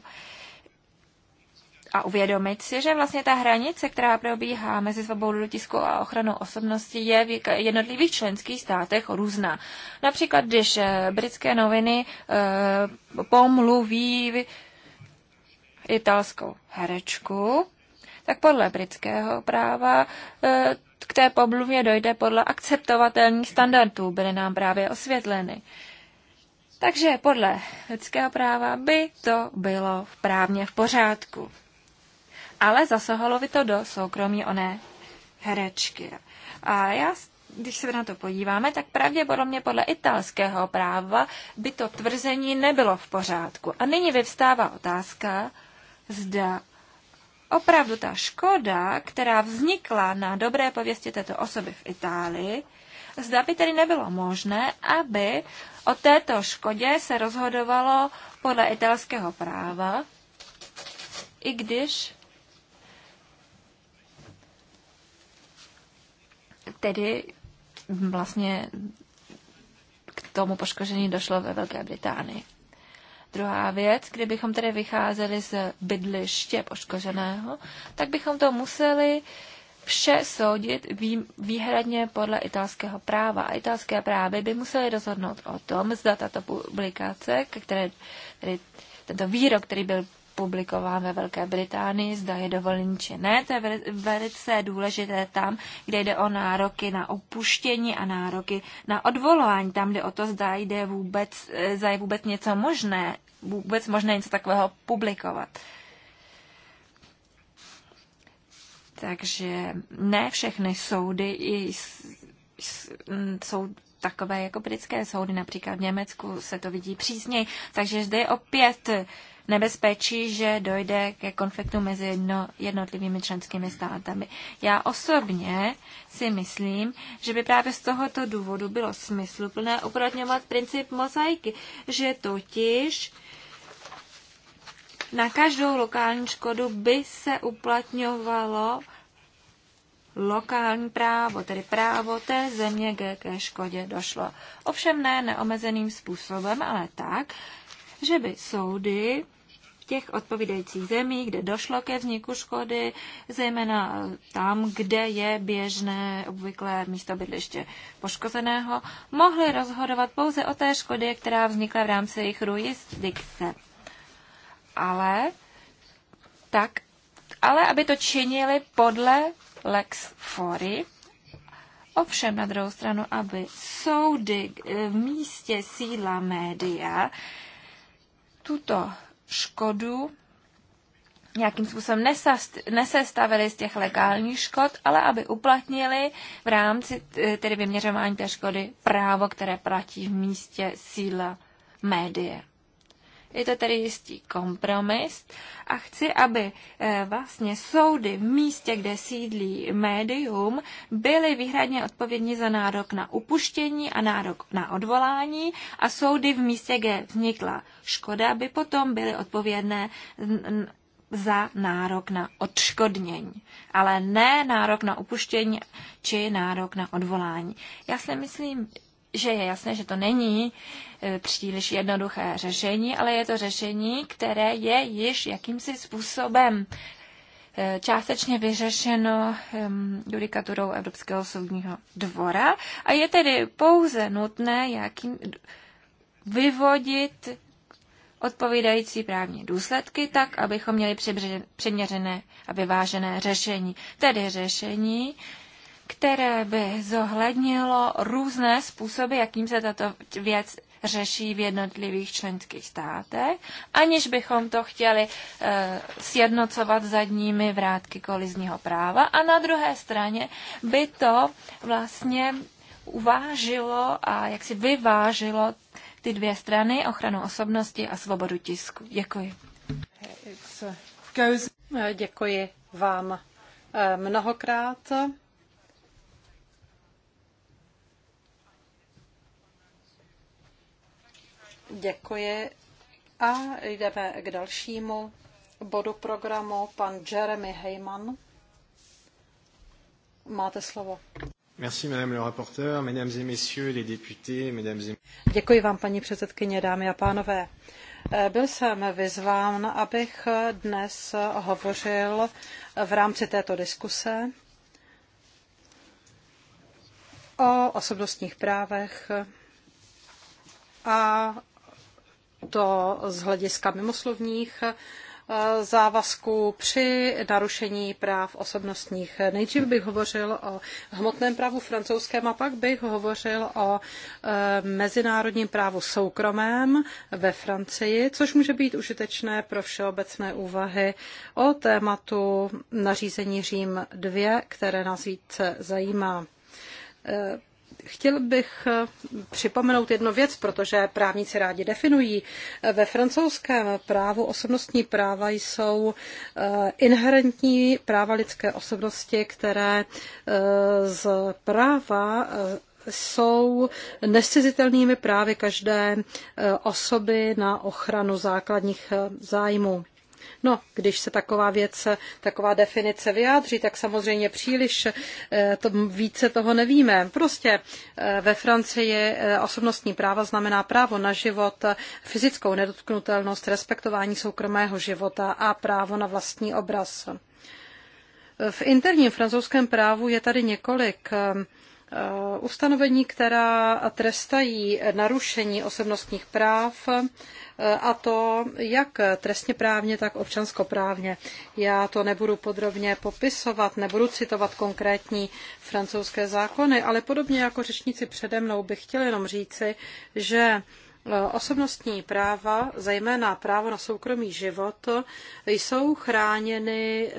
a uvědomit si, že vlastně ta hranice, která probíhá mezi svobodou tisku a ochranou osobnosti, je v jednotlivých členských státech různá. Například, když eh, britské noviny eh, pomluví italskou herečku, tak podle britského práva eh, k té pomluvě dojde podle akceptovatelných standardů, byly nám právě osvětleny. Takže podle lidského práva by to bylo právně v pořádku. Ale zasahalo by to do soukromí oné herečky. A já, když se na to podíváme, tak pravděpodobně podle italského práva by to tvrzení nebylo v pořádku. A nyní vyvstává otázka, zda opravdu ta škoda, která vznikla na dobré pověsti této osoby v Itálii, zda by tedy nebylo možné, aby O této škodě se rozhodovalo podle italského práva, i když tedy vlastně k tomu poškození došlo ve Velké Británii. Druhá věc, kdybychom tedy vycházeli z bydliště poškozeného, tak bychom to museli vše soudit vý, výhradně podle italského práva. A italské právy by museli rozhodnout o tom, zda tato publikace, které, tedy tento výrok, který byl publikován ve Velké Británii, zda je dovolen či ne. To je velice důležité tam, kde jde o nároky na opuštění a nároky na odvolání. Tam jde o to, zda jde vůbec, e, zda je vůbec něco možné, vůbec možné něco takového publikovat. Takže ne všechny soudy mm, jsou takové jako britské soudy, například v Německu se to vidí přísněji. Takže zde je opět nebezpečí, že dojde ke konfliktu mezi jedno, jednotlivými členskými státami. Já osobně si myslím, že by právě z tohoto důvodu bylo smysluplné uprodňovat princip mozaiky, že totiž na každou lokální škodu by se uplatňovalo lokální právo, tedy právo té země, kde ke škodě došlo. Ovšem ne neomezeným způsobem, ale tak, že by soudy v těch odpovídajících zemích, kde došlo ke vzniku škody, zejména tam, kde je běžné obvyklé místo bydliště poškozeného, mohly rozhodovat pouze o té škodě, která vznikla v rámci jejich jurisdikce. Ale tak, ale aby to činili podle Lex fori. Ovšem na druhou stranu, aby soudy eh, v místě síla média tuto škodu nějakým způsobem nesestavili z těch legálních škod, ale aby uplatnili v rámci eh, tedy vyměřování té škody právo, které platí v místě síla média. Je to tedy jistý kompromis a chci, aby eh, vlastně soudy v místě, kde sídlí médium, byly výhradně odpovědní za nárok na upuštění a nárok na odvolání a soudy v místě, kde vznikla škoda, by potom byly odpovědné za nárok na odškodnění, ale ne nárok na upuštění či nárok na odvolání. Já si myslím, že je jasné, že to není e, příliš jednoduché řešení, ale je to řešení, které je již jakýmsi způsobem e, částečně vyřešeno judikaturou Evropského soudního dvora a je tedy pouze nutné jakým, vyvodit odpovídající právní důsledky tak, abychom měli přiměřené a vyvážené řešení. Tedy řešení, které by zohlednilo různé způsoby, jakým se tato věc řeší v jednotlivých členských státech, aniž bychom to chtěli e, sjednocovat zadními vrátky kolizního práva. A na druhé straně by to vlastně uvážilo a jak si vyvážilo ty dvě strany, ochranu osobnosti a svobodu tisku. Děkuji. Uh, eh, děkuji vám eh, mnohokrát. Děkuji. A jdeme k dalšímu bodu programu. Pan Jeremy Heyman. Máte slovo. Merci, madame le rapporteur, mesdames et messieurs les députés, mesdames et... Děkuji vám, paní předsedkyně, dámy a pánové. Byl jsem vyzván, abych dnes hovořil v rámci této diskuse o osobnostních právech a to z hlediska mimoslovních eh, závazků při narušení práv osobnostních. Nejdřív bych hovořil o hmotném právu francouzském a pak bych hovořil o eh, mezinárodním právu soukromém ve Francii, což může být užitečné pro všeobecné úvahy o tématu nařízení Řím 2, které nás více zajímá. Eh, Chtěl bych eh, připomenout jednu věc, protože právníci rádi definují. Eh, ve francouzském právu osobnostní práva jsou eh, inherentní práva lidské osobnosti, které z práva jsou nescizitelnými právy každé osoby na ochranu základních zájmů. No, když se taková věc, taková definice vyjádří, tak samozřejmě příliš eh, to, více toho nevíme. Prostě eh, ve Francii eh, osobnostní práva znamená právo na život, fyzickou nedotknutelnost, respektování soukromého života a právo na vlastní obraz. V interním francouzském právu je tady několik ustanovení, která trestají narušení osobnostních práv a to jak trestně právně, tak občanskoprávně. Já to nebudu podrobně popisovat, nebudu citovat konkrétní francouzské zákony, ale podobně jako řečníci přede mnou bych chtěl jenom říci, že e, Osobnostní práva, zejména právo na soukromý život, jsou chráněny e,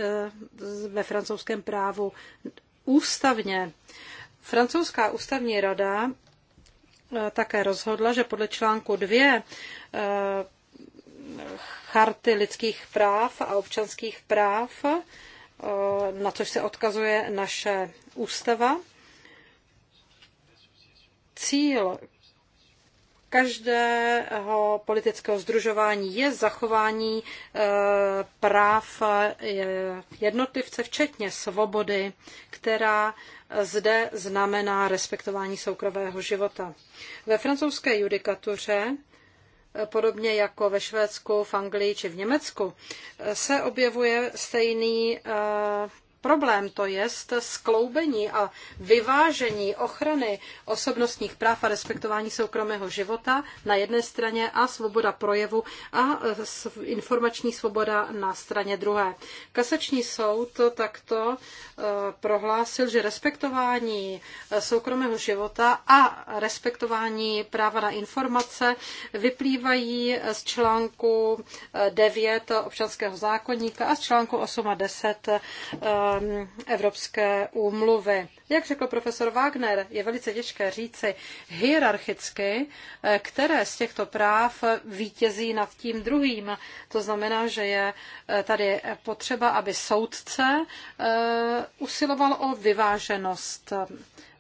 ve francouzském právu ústavně. Francouzská ústavní rada Eh, také rozhodla, že podle článku 2 eh, charty lidských práv a občanských práv, eh, na což se odkazuje naše ústava, cíl každého politického združování je zachování eh, práv eh, jednotlivce, včetně svobody, která zde znamená respektování soukromého života. Ve francouzské judikatuře eh, podobně jako ve Švédsku, v Anglii či v Německu, se objevuje stejný problém, to je skloubení a vyvážení ochrany osobnostních práv a respektování soukromého života na jedné straně a svoboda projevu a informační svoboda na straně druhé. Kasační soud takto e, prohlásil, že respektování e, soukromého života a respektování práva na informace vyplývají z článku 9 e, občanského zákonníka a z článku 8 a 10 Um, evropské úmluvy. Jak řekl profesor Wagner, je velice těžké říci hierarchicky, eh, které z těchto práv vítězí nad tím druhým. To znamená, že je eh, tady potřeba, aby soudce eh, usiloval o vyváženost.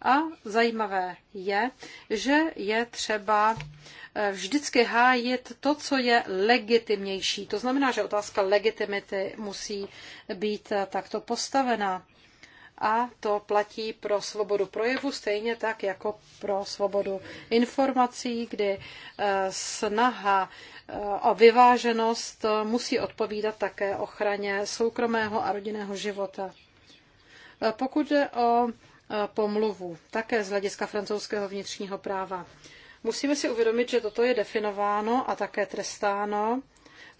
A zajímavé je, že je třeba Eh, vždycky hájit to, co je legitimnější. To znamená, že otázka legitimity musí být eh, takto postavena. A to platí pro svobodu projevu stejně tak jako pro svobodu informací, kdy eh, snaha o vyváženost musí odpovídat také ochraně soukromého a rodinného života. Pokud jde o pomluvu, také z hlediska francouzského vnitřního práva. Musíme si uvědomit, že toto je definováno a také trestáno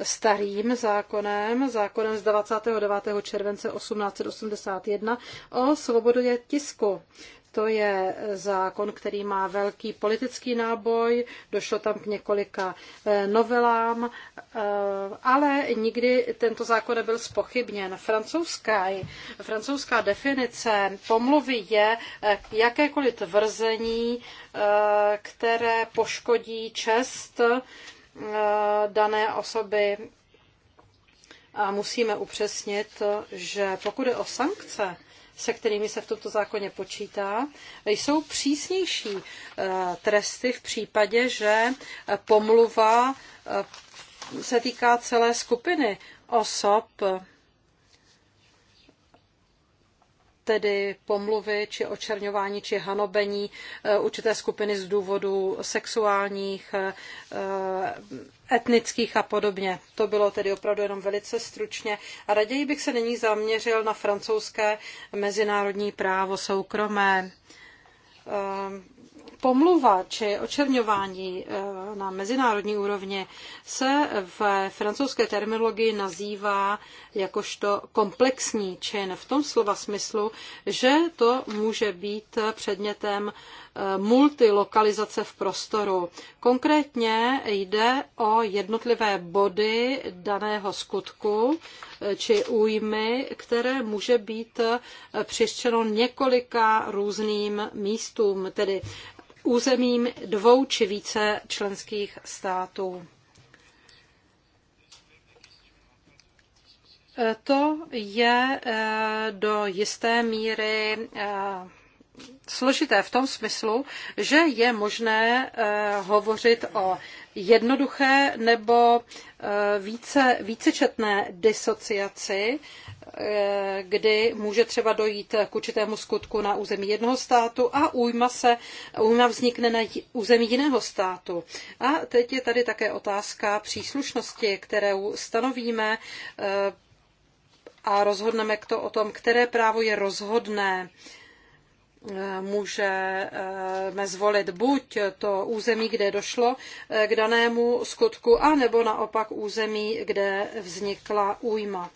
starým zákonem, zákonem z 29. července 1881 o svobodě tisku. To je zákon, který má velký politický náboj, došlo tam k několika eh, novelám, eh, ale nikdy tento zákon nebyl spochybněn. Francouzská, francouzská definice pomluvy je eh, jakékoliv tvrzení, které poškodí čest dané osoby. A musíme upřesnit, že pokud je o sankce, se kterými se v tomto zákoně počítá, jsou přísnější eh, tresty v případě, že eh, pomluva eh, se týká celé skupiny osob, tedy pomluvy či očerňování či hanobení eh, určité skupiny z důvodu sexuálních, eh, eh, etnických a podobně. To bylo tedy opravdu jenom velice stručně. A raději bych se nyní zaměřil na francouzské mezinárodní právo soukromé pomluva či očerňování eh, na mezinárodní úrovni se v francouzské terminologii nazývá jakožto komplexní čin v tom slova smyslu, že to může být předmětem eh, multilokalizace v prostoru. Konkrétně jde o jednotlivé body daného skutku eh, či újmy, které může být přištěno několika různým místům, tedy územím dvou či více členských států. E, to je e, do jisté míry e, složité v tom smyslu, že je možné hovořit o jednoduché nebo eh, více, vícečetné disociaci, eh, kdy může třeba dojít k určitému skutku na území jednoho státu a újma, se, újma vznikne na území jiného státu. A teď je tady také otázka příslušnosti, kterou stanovíme eh, a rozhodneme k to o tom, které právo je rozhodné můžeme zvolit buď to území, kde došlo k danému skutku, nebo naopak území, kde vznikla újma.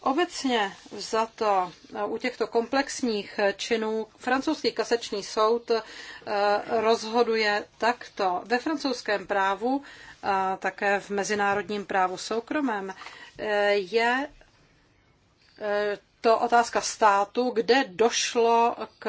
Obecně vzato u těchto komplexních činů francouzský kasační soud eh, rozhoduje takto. Ve francouzském právu, a také v mezinárodním právu soukromém, eh, je eh, to otázka státu, kde došlo k,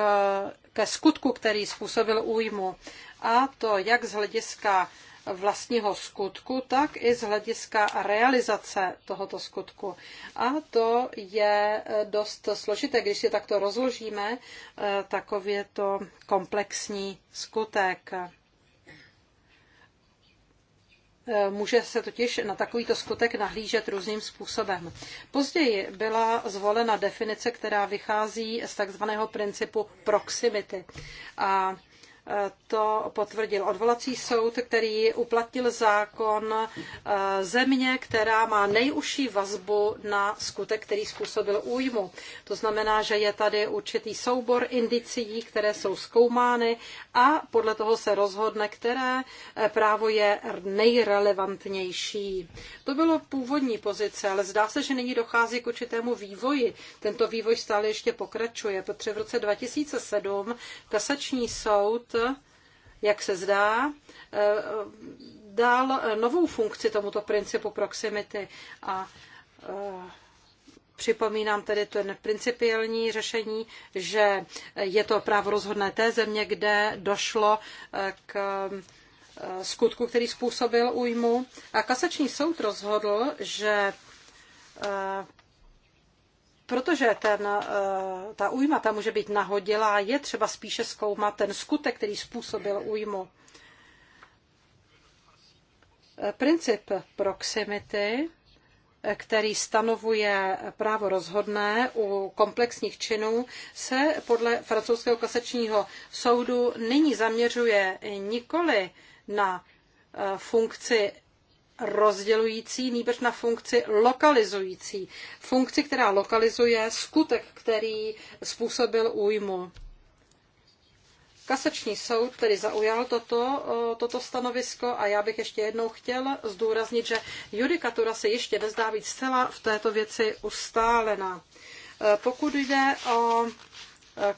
ke skutku, který způsobil újmu. A to jak z hlediska vlastního skutku, tak i z hlediska realizace tohoto skutku. A to je dost složité, když si takto rozložíme eh, takovéto komplexní skutek. E, může se totiž na takovýto skutek nahlížet různým způsobem. Později byla zvolena definice, která vychází z takzvaného principu proximity. A to potvrdil odvolací soud, který uplatnil zákon eh, země, která má nejužší vazbu na skutek, který způsobil újmu. To znamená, že je tady určitý soubor indicií, které jsou zkoumány a podle toho se rozhodne, které eh, právo je nejrelevantnější. To bylo původní pozice, ale zdá se, že nyní dochází k určitému vývoji. Tento vývoj stále ještě pokračuje, protože v roce 2007 kasační soud jak se zdá, eh, dal novou funkci tomuto principu proximity a eh, Připomínám tedy ten principiální řešení, že je to právo rozhodné té země, kde došlo eh, k skutku, který způsobil újmu. A kasační soud rozhodl, že protože ten, eh, ta újma tam může být nahodilá, je třeba spíše zkoumat ten skutek, který způsobil újmu. Eh, princip proximity, eh, který stanovuje právo rozhodné u komplexních činů, se podle francouzského kasačního soudu nyní zaměřuje nikoli na funkci rozdělující, nýbrž na funkci lokalizující. Funkci, která lokalizuje skutek, který způsobil újmu. Kasační soud tedy zaujal toto, toto stanovisko a já bych ještě jednou chtěl zdůraznit, že judikatura se ještě nezdá být zcela v této věci ustálena. E, pokud jde o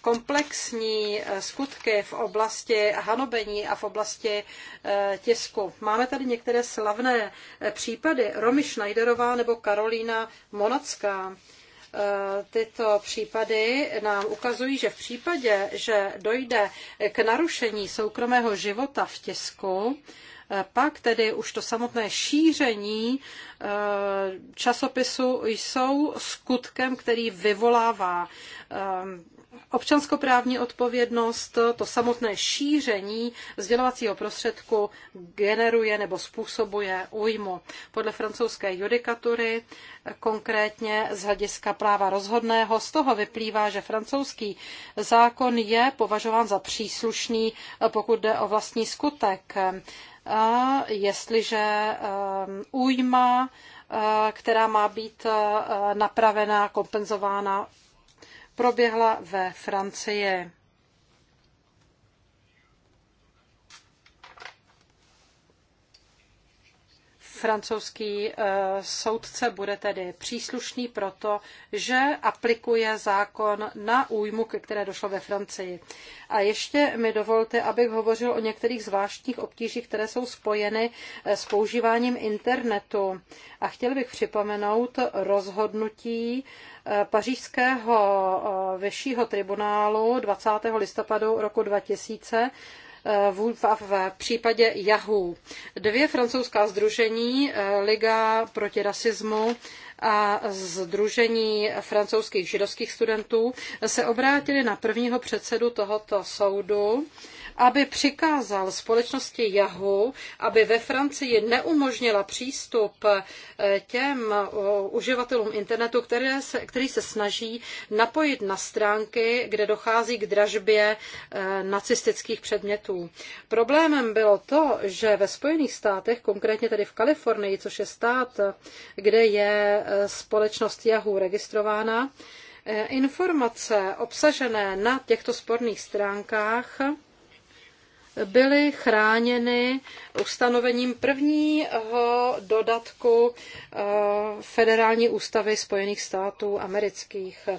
komplexní eh, skutky v oblasti hanobení a v oblasti eh, tisku. Máme tady některé slavné eh, případy. Romy Schneiderová nebo Karolína Monacká. Tyto případy nám ukazují, že v případě, že dojde k narušení soukromého života v tisku, pak tedy už to samotné šíření časopisu jsou skutkem, který vyvolává Občanskoprávní odpovědnost, to samotné šíření sdělovacího prostředku generuje nebo způsobuje újmu. Podle francouzské judikatury, konkrétně z hlediska práva rozhodného, z toho vyplývá, že francouzský zákon je považován za příslušný, pokud jde o vlastní skutek. A jestliže um, újma uh, která má být uh, napravena, kompenzována proběhla ve Francii. Francouzský eh, soudce bude tedy příslušný proto, že aplikuje zákon na újmu, ke které došlo ve Francii. A ještě mi dovolte, abych hovořil o některých zvláštních obtížích, které jsou spojeny eh, s používáním internetu. A chtěl bych připomenout rozhodnutí eh, pařížského vyššího tribunálu 20. listopadu roku 2000, v případě Yahoo. Dvě francouzská združení, eh, Liga proti rasismu a Združení francouzských židovských studentů, se obrátili na prvního předsedu tohoto soudu, aby přikázal společnosti Yahoo, aby ve Francii neumožnila přístup eh, těm uživatelům internetu, které se, který se snaží napojit na stránky, kde dochází k dražbě eh, nacistických předmětů. Problémem bylo to, že ve Spojených státech, konkrétně tedy v Kalifornii, což je stát, kde je eh, společnost Yahoo registrována, informace obsažené na těchto sporných stránkách byly chráněny ustanovením prvního dodatku eh, Federální ústavy Spojených států amerických.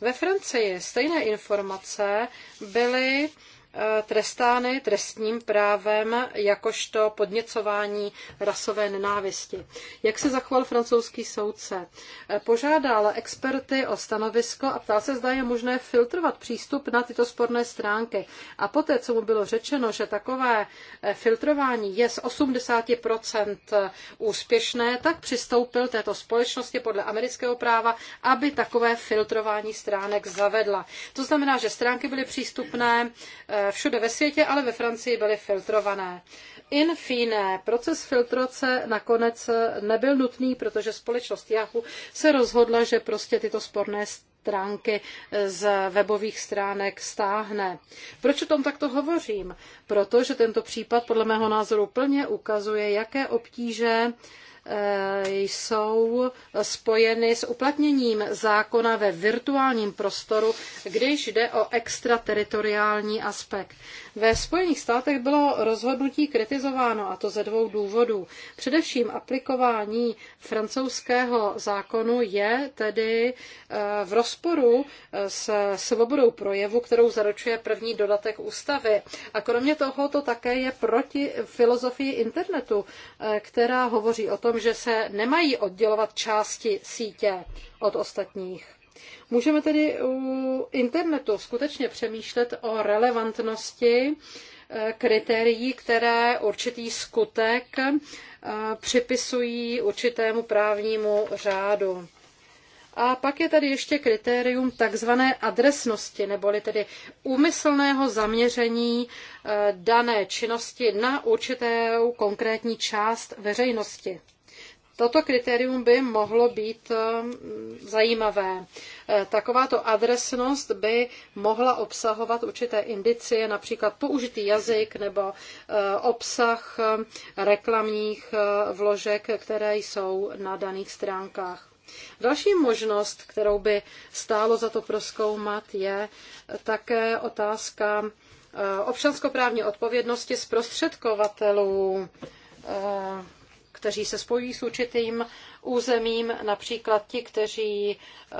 Ve Francii stejné informace byly Eh, trestány trestním právem jakožto podněcování rasové nenávisti. Jak se zachoval francouzský soudce? Eh, požádal experty o stanovisko a ptal se, zda je možné filtrovat přístup na tyto sporné stránky. A poté, co mu bylo řečeno, že takové eh, filtrování je z 80% úspěšné, tak přistoupil této společnosti podle amerického práva, aby takové filtrování stránek zavedla. To znamená, že stránky byly přístupné Eh, všude ve světě, ale ve Francii byly filtrované. In fine, proces filtrace nakonec eh, nebyl nutný, protože společnost Yahoo se rozhodla, že prostě tyto sporné stránky eh, z webových stránek stáhne. Proč o tom takto hovořím? Protože tento případ podle mého názoru plně ukazuje, jaké obtíže Eh, jsou spojeny s uplatněním zákona ve virtuálním prostoru, když jde o extrateritoriální aspekt. Ve Spojených státech bylo rozhodnutí kritizováno, a to ze dvou důvodů. Především aplikování francouzského zákonu je tedy eh, v rozporu eh, s svobodou projevu, kterou zaručuje první dodatek ústavy. A kromě toho to také je proti filozofii internetu, eh, která hovoří o tom, že se nemají oddělovat části sítě od ostatních. Můžeme tedy u internetu skutečně přemýšlet o relevantnosti eh, kritérií, které určitý skutek eh, připisují určitému právnímu řádu. A pak je tady ještě kritérium takzvané adresnosti, neboli tedy úmyslného zaměření eh, dané činnosti na určitou konkrétní část veřejnosti. Toto kritérium by mohlo být eh, zajímavé. Eh, takováto adresnost by mohla obsahovat určité indicie, například použitý jazyk nebo eh, obsah reklamních vložek, které jsou na daných stránkách. Další možnost, kterou by stálo za to proskoumat, je také otázka občanskoprávní odpovědnosti zprostředkovatelů kteří se spojí s určitým územím, například ti, kteří eh,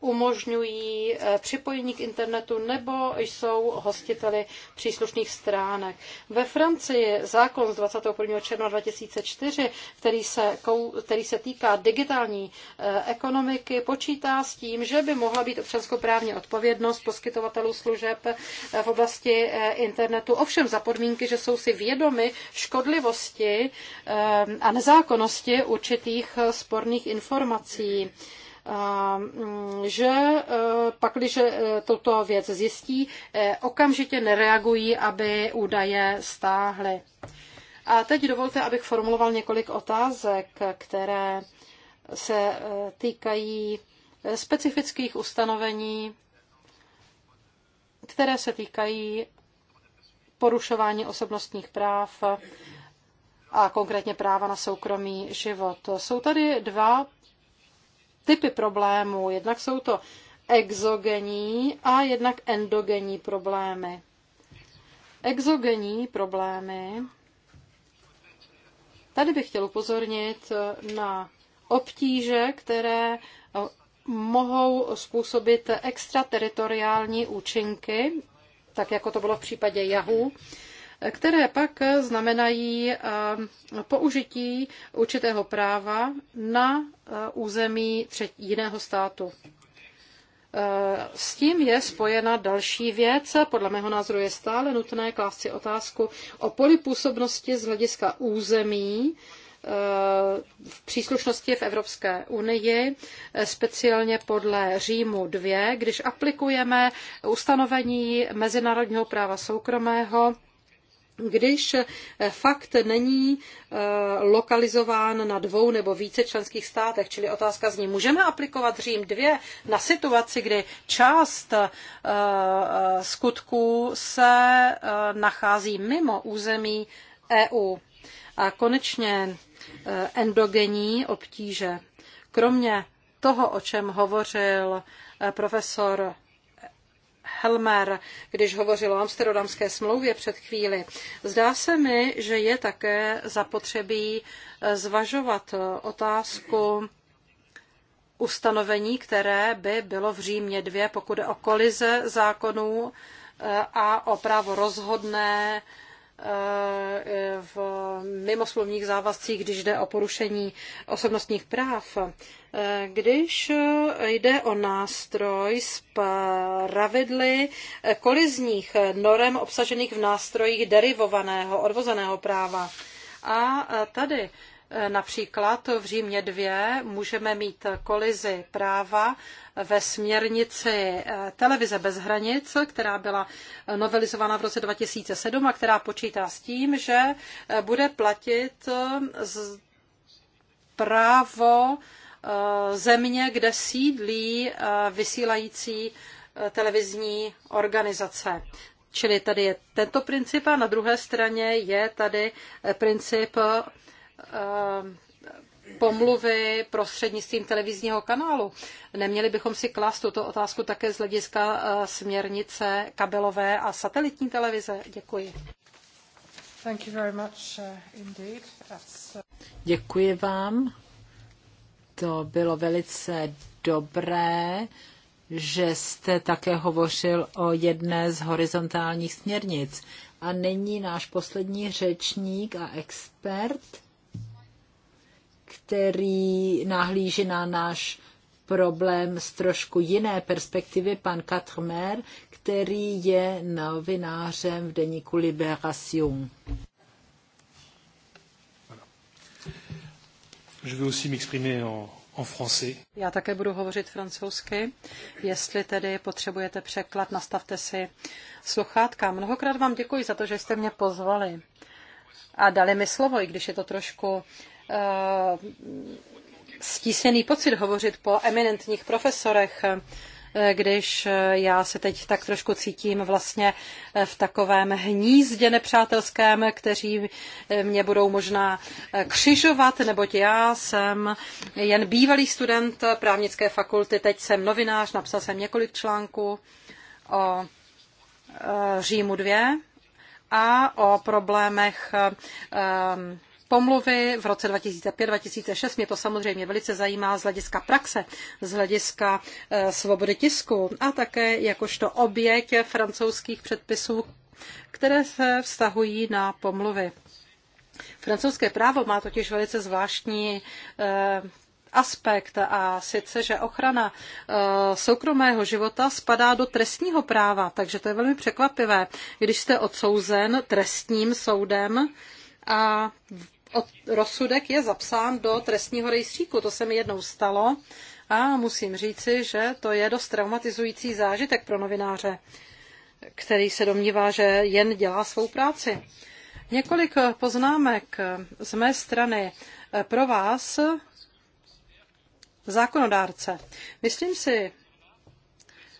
umožňují eh, připojení k internetu nebo jsou hostiteli příslušných stránek. Ve Francii zákon z 21. června 2004, který se, který se týká digitální eh, ekonomiky, počítá s tím, že by mohla být občanskoprávní odpovědnost poskytovatelů služeb v oblasti internetu, ovšem za podmínky, že jsou si vědomi škodlivosti a nezákonnosti určitých sporných informací mm, že e, pak, když e, tuto věc zjistí, e, okamžitě nereagují, aby údaje stáhly. A teď dovolte, abych formuloval několik otázek, které se týkají specifických ustanovení, které se týkají porušování osobnostních práv a konkrétně práva na soukromý život. Jsou tady dva typy problémů. Jednak jsou to exogenní a jednak endogenní problémy. Exogenní problémy. Tady bych chtěl upozornit na obtíže, které mohou způsobit extrateritoriální účinky, tak jako to bylo v případě Yahoo, které pak znamenají eh, použití určitého práva na eh, území jiného státu. Eh, s tím je spojena další věc. Podle mého názoru je stále nutné klást si otázku o polipůsobnosti z hlediska území v příslušnosti v Evropské unii, speciálně podle Římu 2, když aplikujeme ustanovení mezinárodního práva soukromého když eh, fakt není eh, lokalizován na dvou nebo více členských státech. Čili otázka zní, můžeme aplikovat Řím 2 na situaci, kdy část eh, skutků se nachází mimo území EU. A konečně endogenní obtíže. Kromě toho, o čem hovořil profesor Helmer, když hovořil o amsterdamské smlouvě před chvíli. Zdá se mi, že je také zapotřebí eh, zvažovat eh, otázku ustanovení, které by bylo v Římě 2, pokud je o kolize zákonů eh, a o právo rozhodné v mimoslovních závazcích, když jde o porušení osobnostních práv. Když jde o nástroj s pravidly kolizních norem obsažených v nástrojích derivovaného, odvozeného práva. A tady Například v Římě 2 můžeme mít kolizi práva ve směrnici eh, Televize bez hranic, která byla eh, novelizována v roce 2007 a která počítá s tím, že eh, bude platit právo země, kde sídlí vysílající televizní organizace. Čili tady je tento princip a na druhé straně je tady princip Eh, pomluvy prostřednictvím televizního kanálu. Neměli bychom si klást tuto otázku také z hlediska eh, směrnice kabelové a satelitní televize. Děkuji. Thank you very much eh, indeed. That's... Děkuji vám. To bylo velice dobré, že jste také hovořil o jedné z horizontálních směrnic. A nyní náš poslední řečník a expert který nahlíží na náš problém z trošku jiné perspektivy, pan Katrmer, který je novinářem v deníku Liberation. Je vais aussi m'exprimer en, já také budu hovořit francouzsky. Jestli tedy potřebujete překlad, nastavte si sluchátka. Mnohokrát vám děkuji za to, že jste mě pozvali a dali mi slovo, i když je to trošku Eh, stísněný pocit hovořit po eminentních profesorech, eh, když eh, já se teď tak trošku cítím vlastně v takovém hnízdě nepřátelském, kteří mě budou možná křižovat, neboť já jsem jen bývalý student právnické fakulty, teď jsem novinář, napsal jsem několik článků o Římu 2 a o problémech um, pomluvy v roce 2005-2006. Mě to samozřejmě velice zajímá z hlediska praxe, z hlediska eh, svobody tisku a také jakožto oběť francouzských předpisů, které se vztahují na pomluvy. Francouzské právo má totiž velice zvláštní eh, aspekt a sice, že ochrana eh, soukromého života spadá do trestního práva, takže to je velmi překvapivé, když jste odsouzen trestním soudem a rozsudek je zapsán do trestního rejstříku. To se mi jednou stalo a musím říci, že to je dost traumatizující zážitek pro novináře, který se domnívá, že jen dělá svou práci. Několik poznámek z mé strany pro vás, zákonodárce. Myslím si,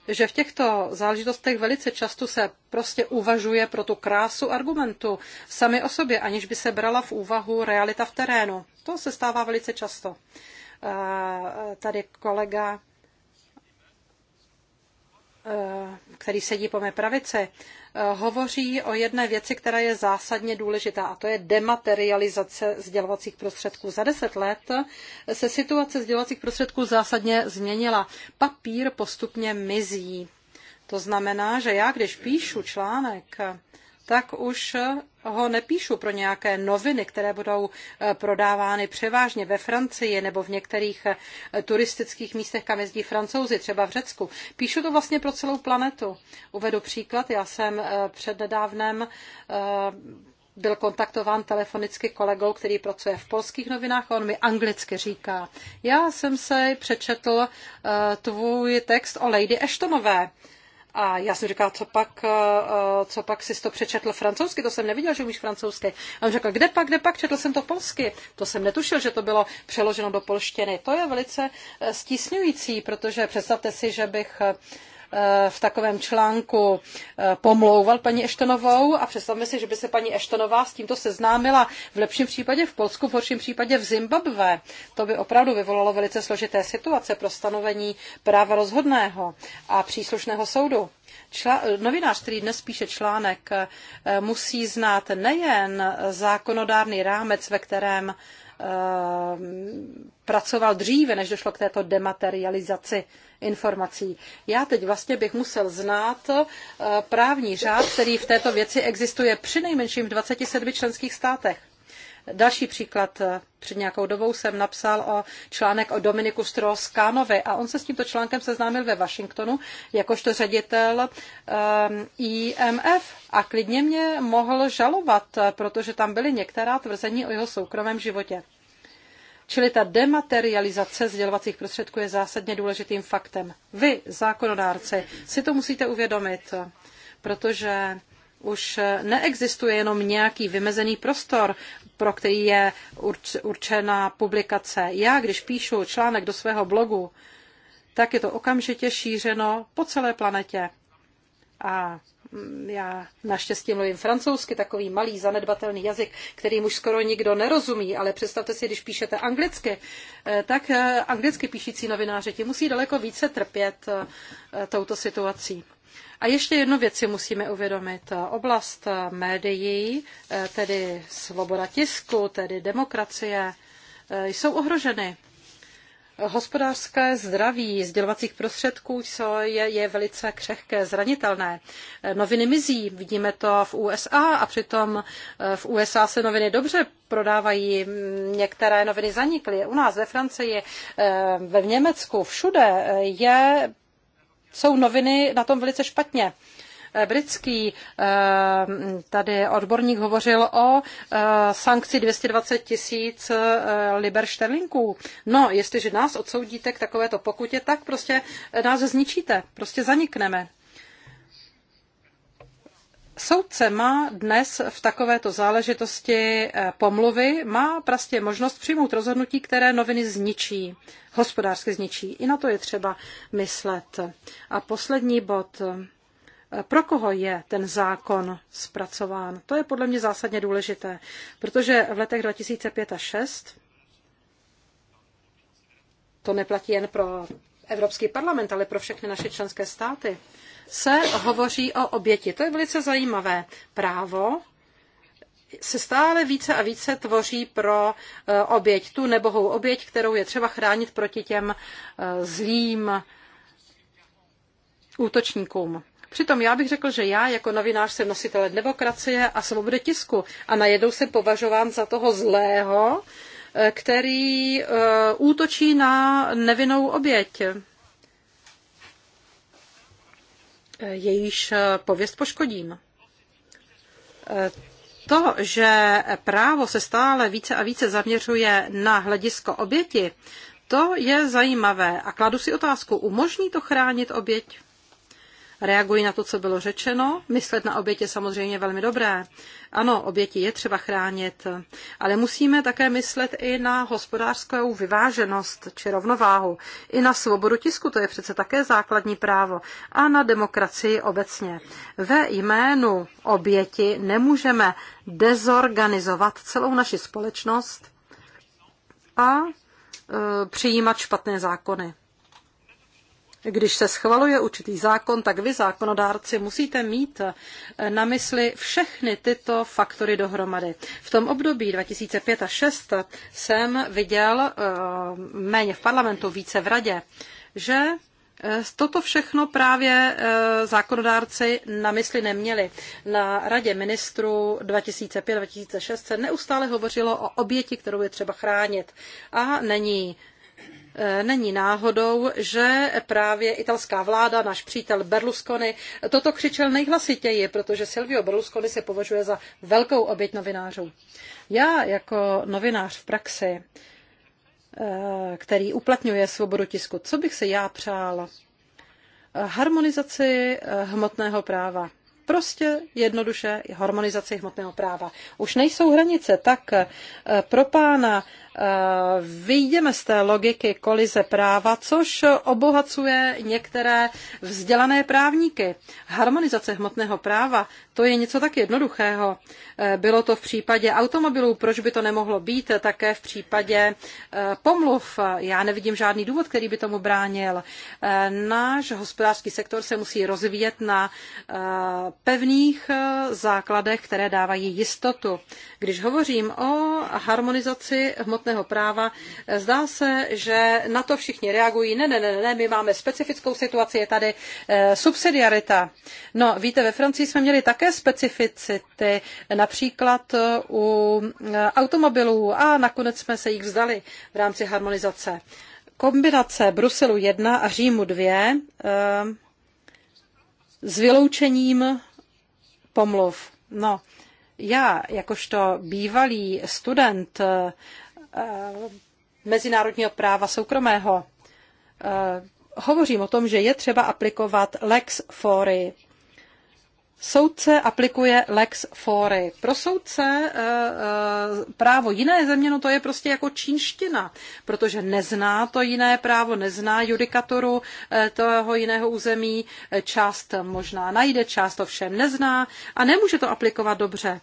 že v těchto záležitostech velice často se prostě uvažuje pro tu krásu argumentu sami o sobě, aniž by se brala v úvahu realita v terénu. To se stává velice často. Eh, tady kolega Eh, který sedí po mé pravici, eh, hovoří o jedné věci, která je zásadně důležitá, a to je dematerializace sdělovacích prostředků. Za deset let se situace sdělovacích prostředků zásadně změnila. Papír postupně mizí. To znamená, že já, když píšu článek, tak už ho nepíšu pro nějaké noviny, které budou eh, prodávány převážně ve Francii nebo v některých eh, turistických místech, kam jezdí francouzi, třeba v Řecku. Píšu to vlastně pro celou planetu. Uvedu příklad, já jsem eh, přednedávnem byl kontaktován telefonicky kolegou, který pracuje v polských novinách a on mi anglicky říká, já jsem se přečetl uh, tvůj text o Lady Ashtonové. A já jsem říkala, co pak, eh, eh, co pak jsi to přečetl francouzsky, to jsem neviděl, že umíš francouzsky. A on řekl, kde pak, kde pak, četl jsem to polsky. To jsem netušil, že to bylo přeloženo do polštiny. To je velice eh, stísňující, protože představte si, že bych v takovém článku eh, pomlouval paní Eštonovou a představme si, že by se paní Eštonová s tímto seznámila v lepším případě v Polsku, v horším případě v Zimbabve. To by opravdu vyvolalo velice složité situace pro stanovení práva rozhodného a příslušného soudu. Čla, novinář, který dnes píše článek, eh, musí znát nejen zákonodárný rámec, ve kterém Eh, pracoval dříve, než došlo k této dematerializaci informací. Já teď vlastně bych musel znát eh, právní řád, který v této věci existuje při nejmenším v 27 členských státech. Další příklad. Eh, před nějakou dobou jsem napsal o článek o Dominiku strauss a on se s tímto článkem seznámil ve Washingtonu jakožto ředitel um, eh, IMF a klidně mě mohl žalovat, eh, protože tam byly některá tvrzení o jeho soukromém životě. Čili ta dematerializace sdělovacích prostředků je zásadně důležitým faktem. Vy, zákonodárci, si to musíte uvědomit, protože už neexistuje jenom nějaký vymezený prostor, pro který je určená publikace. Já, když píšu článek do svého blogu, tak je to okamžitě šířeno po celé planetě. A mm, já naštěstí mluvím francouzsky, takový malý zanedbatelný jazyk, který už skoro nikdo nerozumí, ale představte si, když píšete anglicky, eh, tak eh, anglicky píšící novináři ti musí daleko více trpět eh, touto situací. A ještě jednu věc si musíme uvědomit. Oblast médií, eh, tedy svoboda tisku, tedy demokracie, eh, jsou ohroženy. Hospodářské zdraví sdělovacích prostředků je, je velice křehké, zranitelné. Eh, noviny mizí, vidíme to v USA a přitom v USA se noviny dobře prodávají, mm, některé noviny zanikly. U nás ve Francii, v Německu, všude je jsou noviny na tom velice špatně eh, britský eh, tady odborník hovořil o eh, sankci 220 tisíc liber šterlinků. No, jestliže nás odsoudíte k takovéto pokutě, tak prostě nás zničíte, prostě zanikneme. Soudce má dnes v takovéto záležitosti eh, pomluvy, má prostě možnost přijmout rozhodnutí, které noviny zničí, hospodářsky zničí. I na to je třeba myslet. A poslední bod. Eh, pro koho je ten zákon zpracován? To je podle mě zásadně důležité, protože v letech 2005 a 2006 to neplatí jen pro Evropský parlament, ale pro všechny naše členské státy se hovoří o oběti. To je velice zajímavé. Právo se stále více a více tvoří pro eh, oběť, tu nebohou oběť, kterou je třeba chránit proti těm eh, zlým útočníkům. Přitom já bych řekl, že já jako novinář jsem nositelem demokracie a svobody tisku a najednou jsem považován za toho zlého, eh, který útočí na nevinnou oběť. jejíž eh, pověst poškodím. Eh, to, že právo se stále více a více zaměřuje na hledisko oběti, to je zajímavé a kladu si otázku, umožní to chránit oběť? reagují na to, co bylo řečeno. Myslet na oběti je samozřejmě velmi dobré. Ano, oběti je třeba chránit, ale musíme také myslet i na hospodářskou vyváženost či rovnováhu. I na svobodu tisku, to je přece také základní právo. A na demokracii obecně. Ve jménu oběti nemůžeme dezorganizovat celou naši společnost a e, přijímat špatné zákony. Když se schvaluje určitý zákon, tak vy, zákonodárci, musíte mít eh, na mysli všechny tyto faktory dohromady. V tom období 2005 a 2006 jsem viděl eh, méně v parlamentu, více v radě, že eh, Toto všechno právě zákonodárci na mysli neměli. Na radě ministrů 2005-2006 se neustále hovořilo o oběti, kterou je třeba chránit. A není E, není náhodou, že právě italská vláda, náš přítel Berlusconi, toto křičel nejhlasitěji, protože Silvio Berlusconi se považuje za velkou oběť novinářů. Já jako novinář v praxi, e, který uplatňuje svobodu tisku, co bych se já přál? Harmonizaci e, hmotného práva Prostě jednoduše harmonizaci hmotného práva. Už nejsou hranice, tak eh, pro pána eh, vyjdeme z té logiky kolize práva, což obohacuje některé vzdělané právníky. Harmonizace hmotného práva, to je něco tak jednoduchého. Eh, bylo to v případě automobilů, proč by to nemohlo být, také v případě pomluv. Já nevidím žádný důvod, který by tomu bránil. Náš hospodářský sektor se musí rozvíjet na pevných eh, základech, které dávají jistotu. Když hovořím o harmonizaci hmotného práva, eh, zdá se, že na to všichni reagují. Ne, ne, ne, ne, my máme specifickou situaci, je tady eh, subsidiarita. No, víte, ve Francii jsme měli také specificity, například u automobilů a nakonec jsme se jich vzdali v rámci harmonizace. Kombinace Bruselu 1 a Římu 2 s vyloučením pomluv. No, já jakožto bývalý student eh, eh, mezinárodního práva soukromého eh, hovořím o tom, že je třeba aplikovat lex fori Soudce aplikuje lex fori. Pro soudce eh, eh, právo jiné země, no to je prostě jako čínština, protože nezná to jiné právo, nezná judikaturu eh, toho jiného území, část možná najde, část to všem nezná a nemůže to aplikovat dobře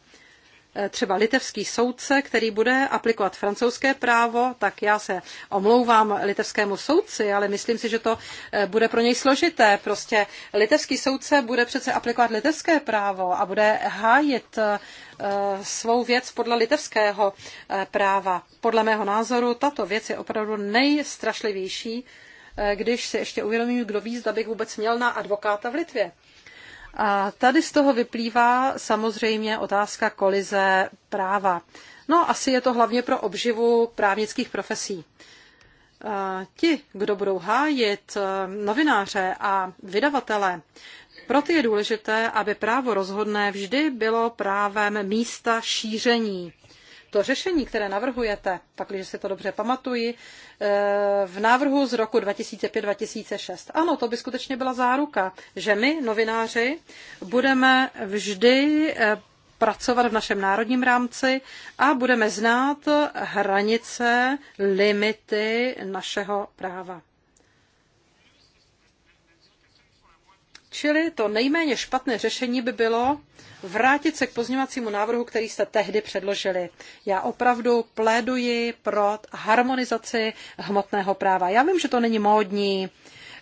třeba litevský soudce, který bude aplikovat francouzské právo, tak já se omlouvám litevskému soudci, ale myslím si, že to eh, bude pro něj složité. Prostě litevský soudce bude přece aplikovat litevské právo a bude hájit eh, svou věc podle litevského eh, práva. Podle mého názoru tato věc je opravdu nejstrašlivější, když si ještě uvědomím, kdo ví, zda bych vůbec měl na advokáta v Litvě. A tady z toho vyplývá samozřejmě otázka kolize práva. No, asi je to hlavně pro obživu právnických profesí. Ti, kdo budou hájit e, novináře a vydavatele, proto je důležité, aby právo rozhodné vždy bylo právem místa šíření to řešení, které navrhujete, pakliže si to dobře pamatuji, eh, v návrhu z roku 2005-2006. Ano, to by skutečně byla záruka, že my, novináři, budeme vždy eh, pracovat v našem národním rámci a budeme znát hranice, limity našeho práva. Čili to nejméně špatné řešení by bylo vrátit se k pozněvacímu návrhu, který jste tehdy předložili. Já opravdu pléduji pro harmonizaci hmotného práva. Já vím, že to není módní,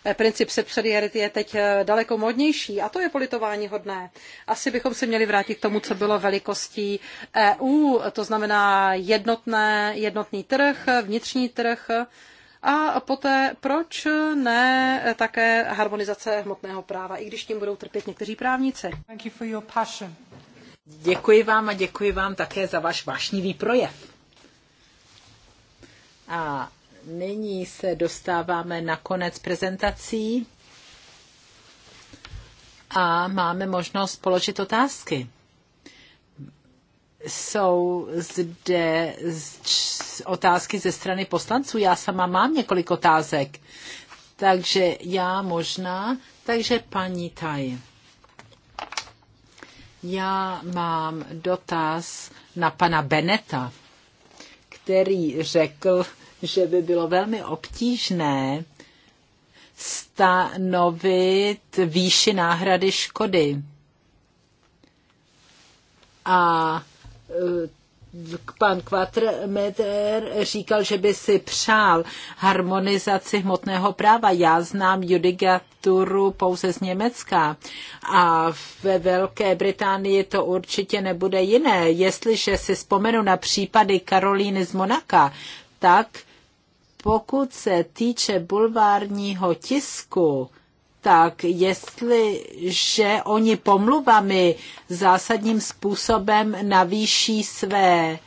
eh, princip subsidiarity je teď eh, daleko modnější a to je politování hodné. Asi bychom se měli vrátit k tomu, co bylo velikostí EU, to znamená jednotné, jednotný trh, vnitřní trh, a poté, proč ne také harmonizace hmotného práva, i když tím budou trpět někteří právníci. You děkuji vám a děkuji vám také za váš vášnivý projev. A nyní se dostáváme na konec prezentací a máme možnost položit otázky jsou zde otázky ze strany poslanců. Já sama mám několik otázek, takže já možná, takže paní Taj. Já mám dotaz na pana Beneta, který řekl, že by bylo velmi obtížné stanovit výši náhrady škody. A Eh, pan Quatermeter říkal, že by si přál harmonizaci hmotného práva. Já znám judikaturu pouze z Německa a ve Velké Británii to určitě nebude jiné. Jestliže si vzpomenu na případy Karolíny z Monaka, tak pokud se týče bulvárního tisku, tak jestliže oni pomluvami zásadním způsobem navýší své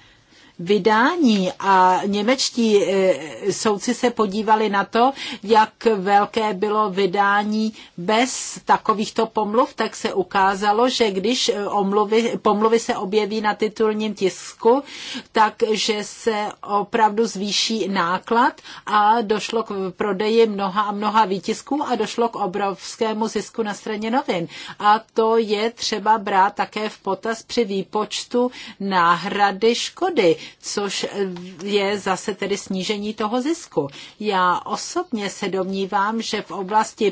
vydání a němečtí e, soudci se podívali na to, jak velké bylo vydání bez takovýchto pomluv, tak se ukázalo, že když e, omluvy, pomluvy se objeví na titulním tisku, takže se opravdu zvýší náklad a došlo k prodeji mnoha a mnoha výtisků a došlo k obrovskému zisku na straně novin. A to je třeba brát také v potaz při výpočtu náhrady škody což je zase tedy snížení toho zisku. Já osobně se domnívám, že v oblasti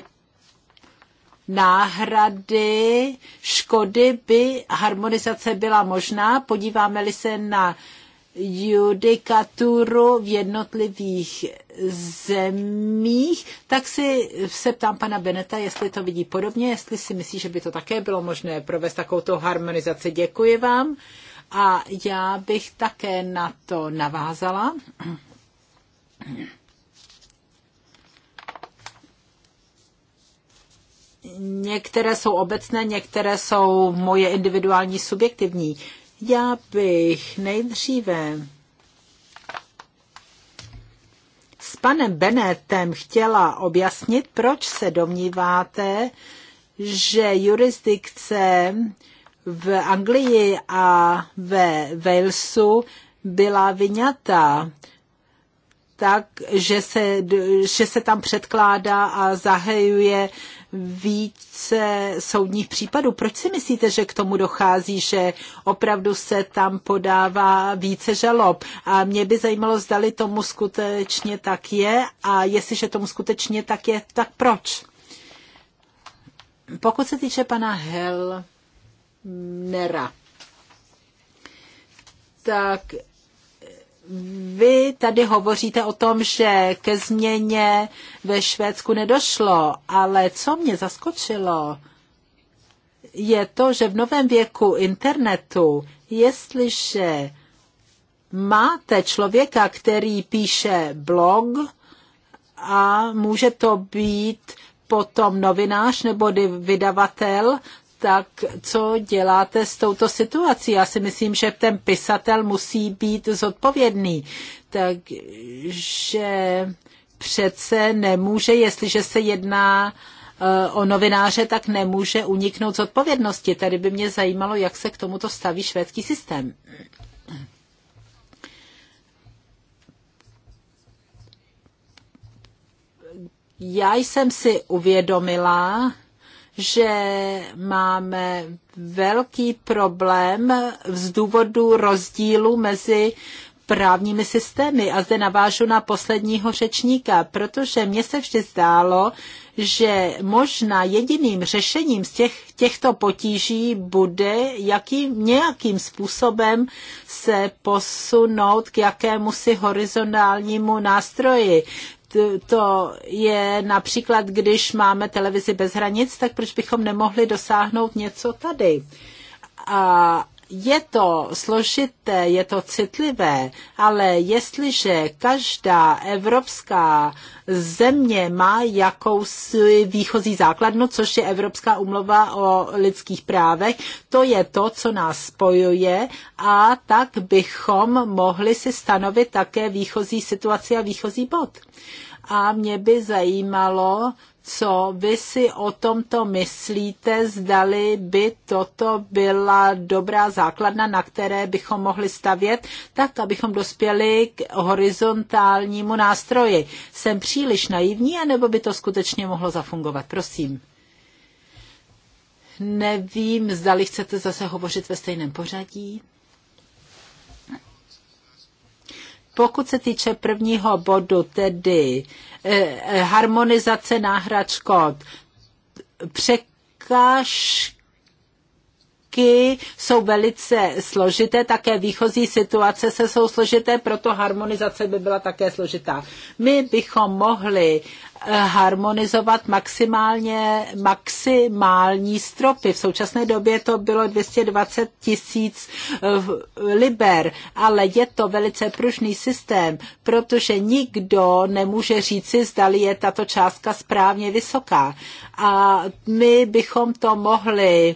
náhrady škody by harmonizace byla možná. Podíváme-li se na judikaturu v jednotlivých zemích, tak si se ptám pana Beneta, jestli to vidí podobně, jestli si myslí, že by to také bylo možné provést takovou harmonizaci. Děkuji vám. A já bych také na to navázala. Některé jsou obecné, některé jsou moje individuální subjektivní. Já bych nejdříve s panem Benetem chtěla objasnit, proč se domníváte, že jurisdikce v Anglii a ve Walesu byla vyňata tak, že se, že se tam předkládá a zahajuje více soudních případů. Proč si myslíte, že k tomu dochází, že opravdu se tam podává více žalob? A mě by zajímalo, zdali tomu skutečně tak je a jestliže tomu skutečně tak je, tak proč? Pokud se týče pana Hell, Nera. Tak vy tady hovoříte o tom, že ke změně ve Švédsku nedošlo, ale co mě zaskočilo, je to, že v novém věku internetu, jestliže máte člověka, který píše blog a může to být potom novinář nebo vydavatel, tak co děláte s touto situací? Já si myslím, že ten pisatel musí být zodpovědný. Takže přece nemůže, jestliže se jedná eh, o novináře, tak nemůže uniknout z odpovědnosti. Tady by mě zajímalo, jak se k tomuto staví švédský systém. Já jsem si uvědomila, že máme velký problém z důvodu rozdílu mezi právními systémy. A zde navážu na posledního řečníka, protože mně se vždy zdálo, že možná jediným řešením z těch, těchto potíží bude jakým, nějakým způsobem se posunout k jakému si horizontálnímu nástroji to je například, když máme televizi bez hranic, tak proč bychom nemohli dosáhnout něco tady? A je to složité, je to citlivé, ale jestliže každá evropská země má jakousi výchozí základnu, což je Evropská umlova o lidských právech, to je to, co nás spojuje a tak bychom mohli si stanovit také výchozí situaci a výchozí bod. A mě by zajímalo, co vy si o tomto myslíte, zdali by toto byla dobrá základna, na které bychom mohli stavět, tak abychom dospěli k horizontálnímu nástroji. Jsem příliš naivní, anebo by to skutečně mohlo zafungovat? Prosím. Nevím, zdali chcete zase hovořit ve stejném pořadí. Pokud se týče prvního bodu, tedy eh, harmonizace náhrad škod, překážky, jsou velice složité, také výchozí situace se jsou složité, proto harmonizace by byla také složitá. My bychom mohli harmonizovat maximálně, maximální stropy. V současné době to bylo 220 tisíc liber, ale je to velice pružný systém, protože nikdo nemůže říci, zdali je tato částka správně vysoká a my bychom to mohli e,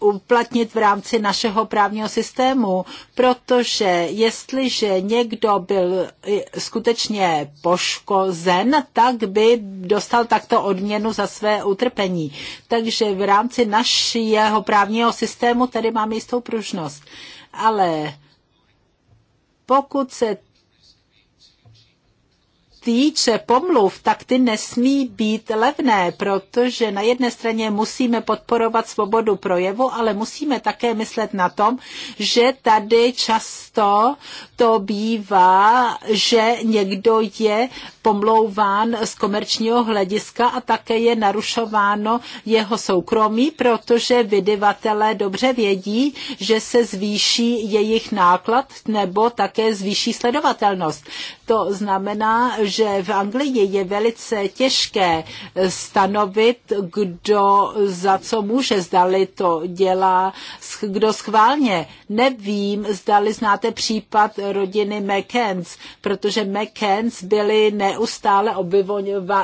uplatnit v rámci našeho právního systému, protože jestliže někdo byl e, skutečně poškozen, tak by dostal takto odměnu za své utrpení. Takže v rámci našeho právního systému tady máme jistou pružnost. Ale pokud se týče pomluv, tak ty nesmí být levné, protože na jedné straně musíme podporovat svobodu projevu, ale musíme také myslet na tom, že tady často to bývá, že někdo je pomlouván z komerčního hlediska a také je narušováno jeho soukromí, protože vydavatelé dobře vědí, že se zvýší jejich náklad nebo také zvýší sledovatelnost. To znamená, že v Anglii je velice těžké stanovit, kdo za co může, zdali to dělá, kdo schválně. Nevím, zdali znáte případ rodiny McCanns, protože McCanns byli neustále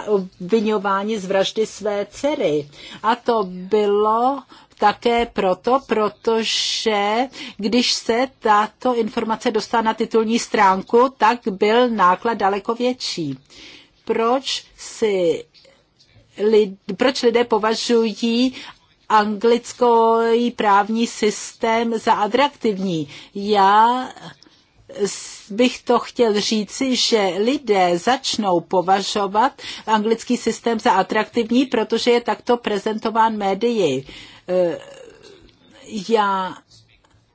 obvinováni z vraždy své dcery. A to bylo také proto, protože když se tato informace dostala na titulní stránku, tak byl náklad daleko větší. Proč si lid, proč lidé považují anglický právní systém za atraktivní. Já bych to chtěl říci, že lidé začnou považovat anglický systém za atraktivní, protože je takto prezentován médii. Eh, já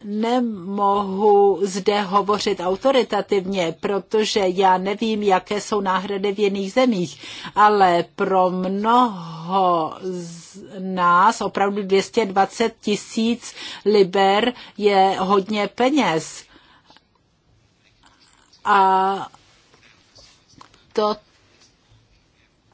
nemohu zde hovořit autoritativně, protože já nevím, jaké jsou náhrady v jiných zemích, ale pro mnoho z nás opravdu 220 tisíc liber je hodně peněz. A to,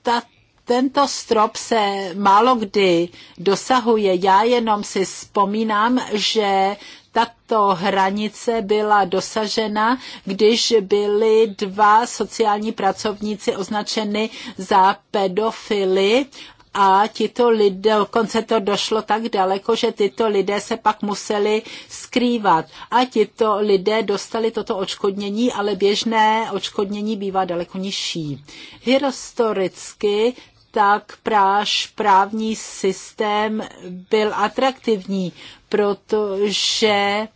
ta tento strop se málo kdy dosahuje. Já jenom si vzpomínám, že tato hranice byla dosažena, když byli dva sociální pracovníci označeny za pedofily a tito lidé, dokonce to došlo tak daleko, že tyto lidé se pak museli skrývat a tito lidé dostali toto očkodnění, ale běžné očkodnění bývá daleko nižší. Historicky tak práš právní systém byl atraktivní, protože